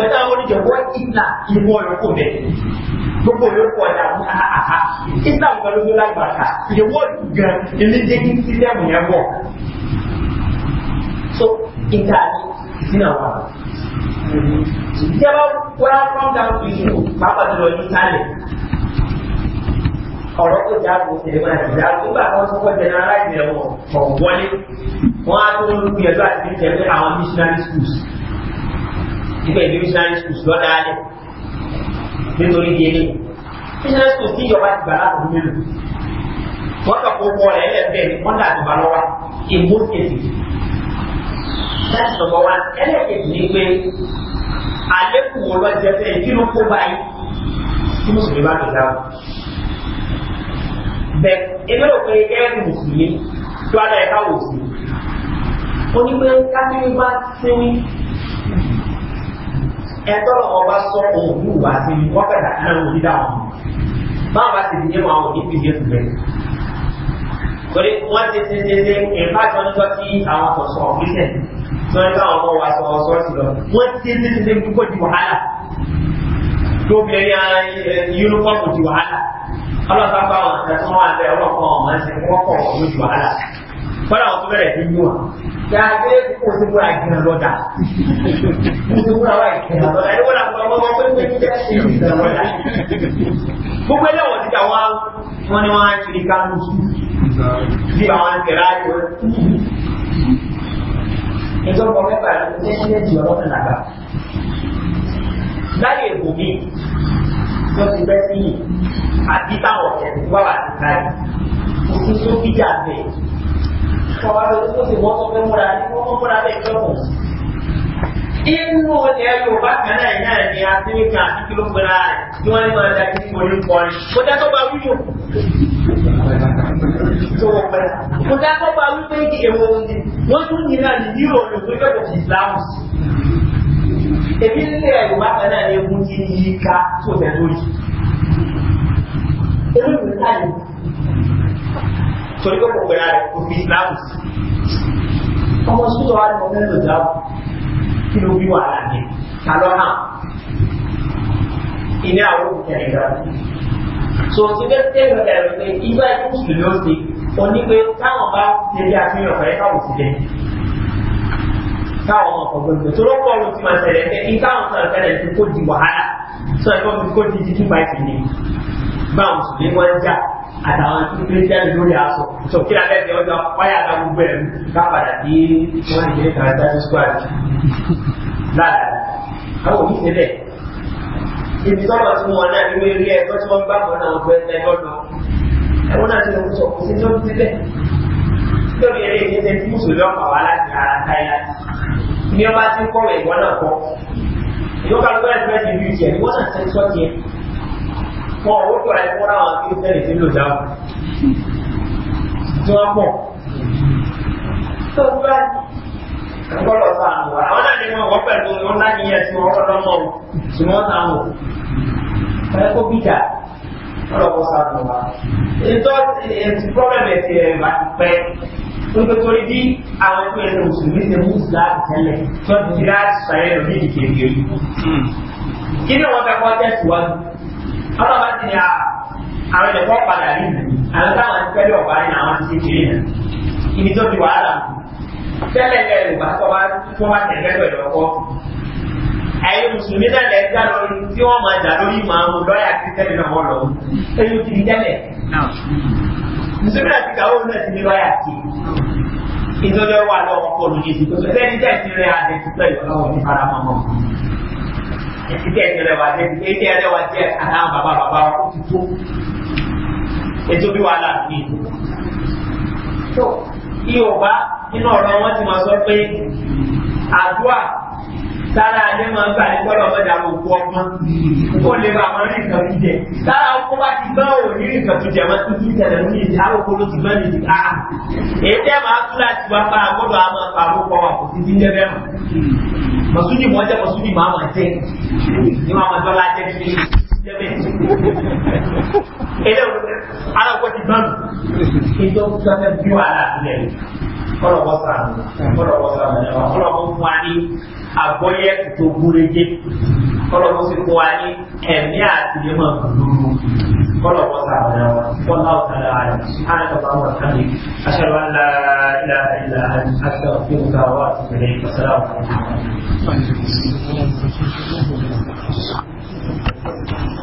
islam kan ló ló lágbàtà ìwọ gan ilé jẹ́ kí sílẹ̀mù yẹn wọ̀ so ìta ni sínú àwọn àbá. ìjọba wẹ́rẹ́ from down to you pàápàá jùlọ ní sálẹ̀ ọ̀rọ̀ tó jáàbò sinimá ti jáàbò nígbà tó ń sọ́kọ́ jẹnara ìrìn ẹ̀wọ̀n kọ̀ wọlé wọn á tó ń lu ìyẹ̀dọ́ àti ìjẹ́ pé àwọn missionary schools ìgbà ìlú missionary schools lọ́dà alẹ́ nítorí di eléyìí missionary schools tí ìjọba ti gbà láti mú mélòó wọn kó kọ́ ọ̀rẹ́ ẹlẹ́bẹ̀ẹ́ wọn dà tó bá lọ́wọ́ in láti lọ́gbọ́n wa ẹlẹ́kẹ̀ẹ́ ní pé àlékún wọn lọ jẹ bẹ́ẹ̀ kí ló kó báyìí tí mùsùlùmí bá lè dáhùn. bẹ́ẹ̀ ebi rò pé gẹ́gẹ́ bí mùsùlùmí tó adá ẹ̀ka wò sí ó ní pé kábíyé bá sẹ́wí ẹ̀tọ́ lọ́wọ́ bá sọ ohun ní ìwà sí ni wọ́n fẹ̀dà náà wò ní dáhùn báwọn bá ti di yé wọn àwọn òní fìdí ètò bẹ́ẹ̀ torí wọ́n ti ti ti ti ìfáàjọ́ níjọ́ tí àwọn àkọsọ̀ ọ̀gbìn sọ ẹ káwọn ọmọ wa sọ ọsọ sí lọ wọn ti ti ti ti púpọ̀ di wàhálà tó bẹ̀rẹ̀ yunifọ́ọ̀mù di wàhálà ọlọ́pàá bá wọn ṣe tí wọ́n bẹ̀rẹ̀ ọlọ́pàá wọn máa ń ṣe kọ́kọ́ ọ̀hún di wàhálà kọ́lá wọn tó bẹ̀rẹ̀ sí yún wa gbàgbé kò sí fúra ìkìlọ̀ lọ́dà kò sí fúra wà ìkìlọ̀ lọ́dà ẹni wọ́n làwọn ọmọ wọn pé pé kí ẹ ṣe ìkìlọ̀ lọ́dà gbogbo ẹlẹ́wọ̀n ti dà wọn ni wọ́n á kiri kánú ètò ọkọ̀ mẹ́fà ló ti tẹ́sí méjì ọ̀rọ̀ náà nàgbà. láyé ègbò mi tó ti bẹ́ sí yìí àbí táwọn ọ̀tẹ̀ ti wá wà ní káyì kò sí tó fi jà bẹ́ẹ̀. kọ̀wá ló ti wọ́n tó fẹ́ múra ní wọ́n tó múra bẹ́ẹ̀ fẹ́ inú ilẹ̀ yorùbá kan náà iná ẹ̀ ní áfíríkà àti kí ló pera rẹ̀ kí wọ́n ní máa da kí mo ní kọrin mo dá tó bá wí mọ̀ tó wọ́n pẹ́ra mo dá tó bá wí pé kí èwo ni wọ́n tún ní náà ní yíyọ ọ̀dọ̀ tó yẹ kò èmi nílẹ̀ yorùbá kan náà ní egun ti yí ká tó tẹ̀ lórí èmi ní sáyé torí pé kò pera rẹ̀ kò sí islam kí ló bí wàhálà jẹ ta lọ hàn ilé àwọn òkùnkùn ẹ̀dá so síbẹ̀ tẹ́lẹ̀ bẹ̀rẹ̀ pé ìgbà ikú sùn ló ṣe oní pé táwọn bá ṣe bí àfihàn ọ̀fẹ́ káwọn sì jẹ káwọn ọkọ̀ gbogbo tó lọ́pọ̀ ọ̀run ti máa ṣẹlẹ̀ pé ìkáwọn sọ̀rọ̀ tẹ́lẹ̀ ti kó di wàhálà sọ̀rọ̀ tó ti kó di dídí báyìí ni bá mùsùlùmí wọn jà àtàwọn kírísítẹ́nì lórí aṣọ sọ kí lábẹ́ ẹ̀jẹ̀ ọjọ́ wáyà àgbà gbogbo ẹ̀rú ká padà dé wọn ìdílé kan dájú squad láàrin àwọn òbí ṣe bẹ́ẹ̀ ibi sọ́dọ̀ tí wọn náà nínú eré ẹ̀kọ́ tí wọ́n gbà bọ́ náà wọ́n fẹ́ ẹgbẹ́ lọ ẹ̀wọ́n náà ti lọ sọ kò sí tó ti bẹ́ẹ̀ lórí eré ìṣẹ́ṣẹ́ tí mùsùlùmí ọkọ̀ wá láti ara táìláńdì ní ọba tí ń kọ́ ẹ̀gbọ́n náà kọ́ ìyókàlùkọ́ ẹ̀fẹ́ ti rí ìṣẹ̀ ni wọ́n náà ti sọ́ tiẹ̀ mọ owó kọ̀ ẹ̀ fún àwọn kírísítẹ́nì tí ń lò dáhùn tí wọ́n pọ̀ tó bẹ́ẹ̀ gbọ́dọ̀ sọ àwọn wa àwọn náà ni wọ́n wọ́n pẹ̀lú wọn láti yẹn tí wọ́n rọ́dọ́ mọ́ tí wọ́n náà wò ẹ̀ kó bíjà lọ́dọ̀ kó sọ àwọn wa ètò ètò pọ́blẹ́mù ẹ̀sìn ẹ̀ bá ti ẹ̀ ọlọ́ba ti yà àwọn ẹ̀kọ́ padà rí àwọn táwọn ti pẹ́lú ọ̀pá nínú àwọn ti kiri nà ibi tó fi wàhálà tẹ́lẹ̀ bẹ́ẹ̀ lùgbà tó bá tó bá tẹ̀lé pẹ̀lú ọkọ. ẹ̀yin mùsùlùmí náà lẹ̀ gbá lórí tí wọ́n máa jà lórí ìmọ̀ àwọn lọ́ọ̀yà tí tẹ́lẹ̀ náà wọ́n lọ eyín ti di tẹ́lẹ̀. mùsùlùmí náà ti kàwé òun náà ti ní lọ́ọ̀yà tí ìtọ́jú ẹwà lọ́wọ́ kọ́ lójú ìsìnkú ẹ̀sìkẹ́ ẹ̀sẹ̀rẹ̀ wà jẹ́ ẹ̀sìkẹ́ ẹ̀sẹ̀ wà jẹ́ àtàwọn bàbá bàbá ó ti tó ètò bí wàhálà mi yorùbá nínú ọ̀rọ̀ wọn ti máa sọ pé àdúrà sára ajé máa ń gbà ní gbọ́dọ̀ ọ̀dà gbogbo ọgbọ́n kó lè bá àwọn rìn kan jíjẹ sára ọkọ bá ti gbọ́n ò ní rìn kan jíjẹ máa tún jíjẹ lẹ̀ ní ìdí àwòkọ́ ló ti gbọ́n ní ìdí káà ah, ah. èyí tẹ́ máa tún láti wá pa àgbọ̀dọ̀ àmọ́ pa àkókò wa kò sí jíjẹ bẹ́ẹ̀ mọ̀ mọ̀súnì mọ́jẹ́ mọ̀súnì máa máa jẹ́ ní máa máa dọ́lá jẹ́ kí jẹ́bẹ̀ ẹ̀lẹ́ òun ara ọkọ̀ ti bánu ètò ìjọba bí wà láàbílẹ̀ kọ́lọ̀kọ́ sàánù kọ́lọ̀kọ́ sàánù kọ́lọ̀kọ́ fún wa ní àgbọ́yẹ̀ tó gúrégé kọ́lọ̀kọ́ sì fún wa ní ẹ̀mí àti ẹ̀mọ́ gbùdúrú kọ́lọ̀kọ́ sàánù kọ́lá ọ̀tàlá àti àrẹ́kọ̀ọ́ àwọn àkàndé aṣọ́lá ńlá ilá ilá àti àfihàn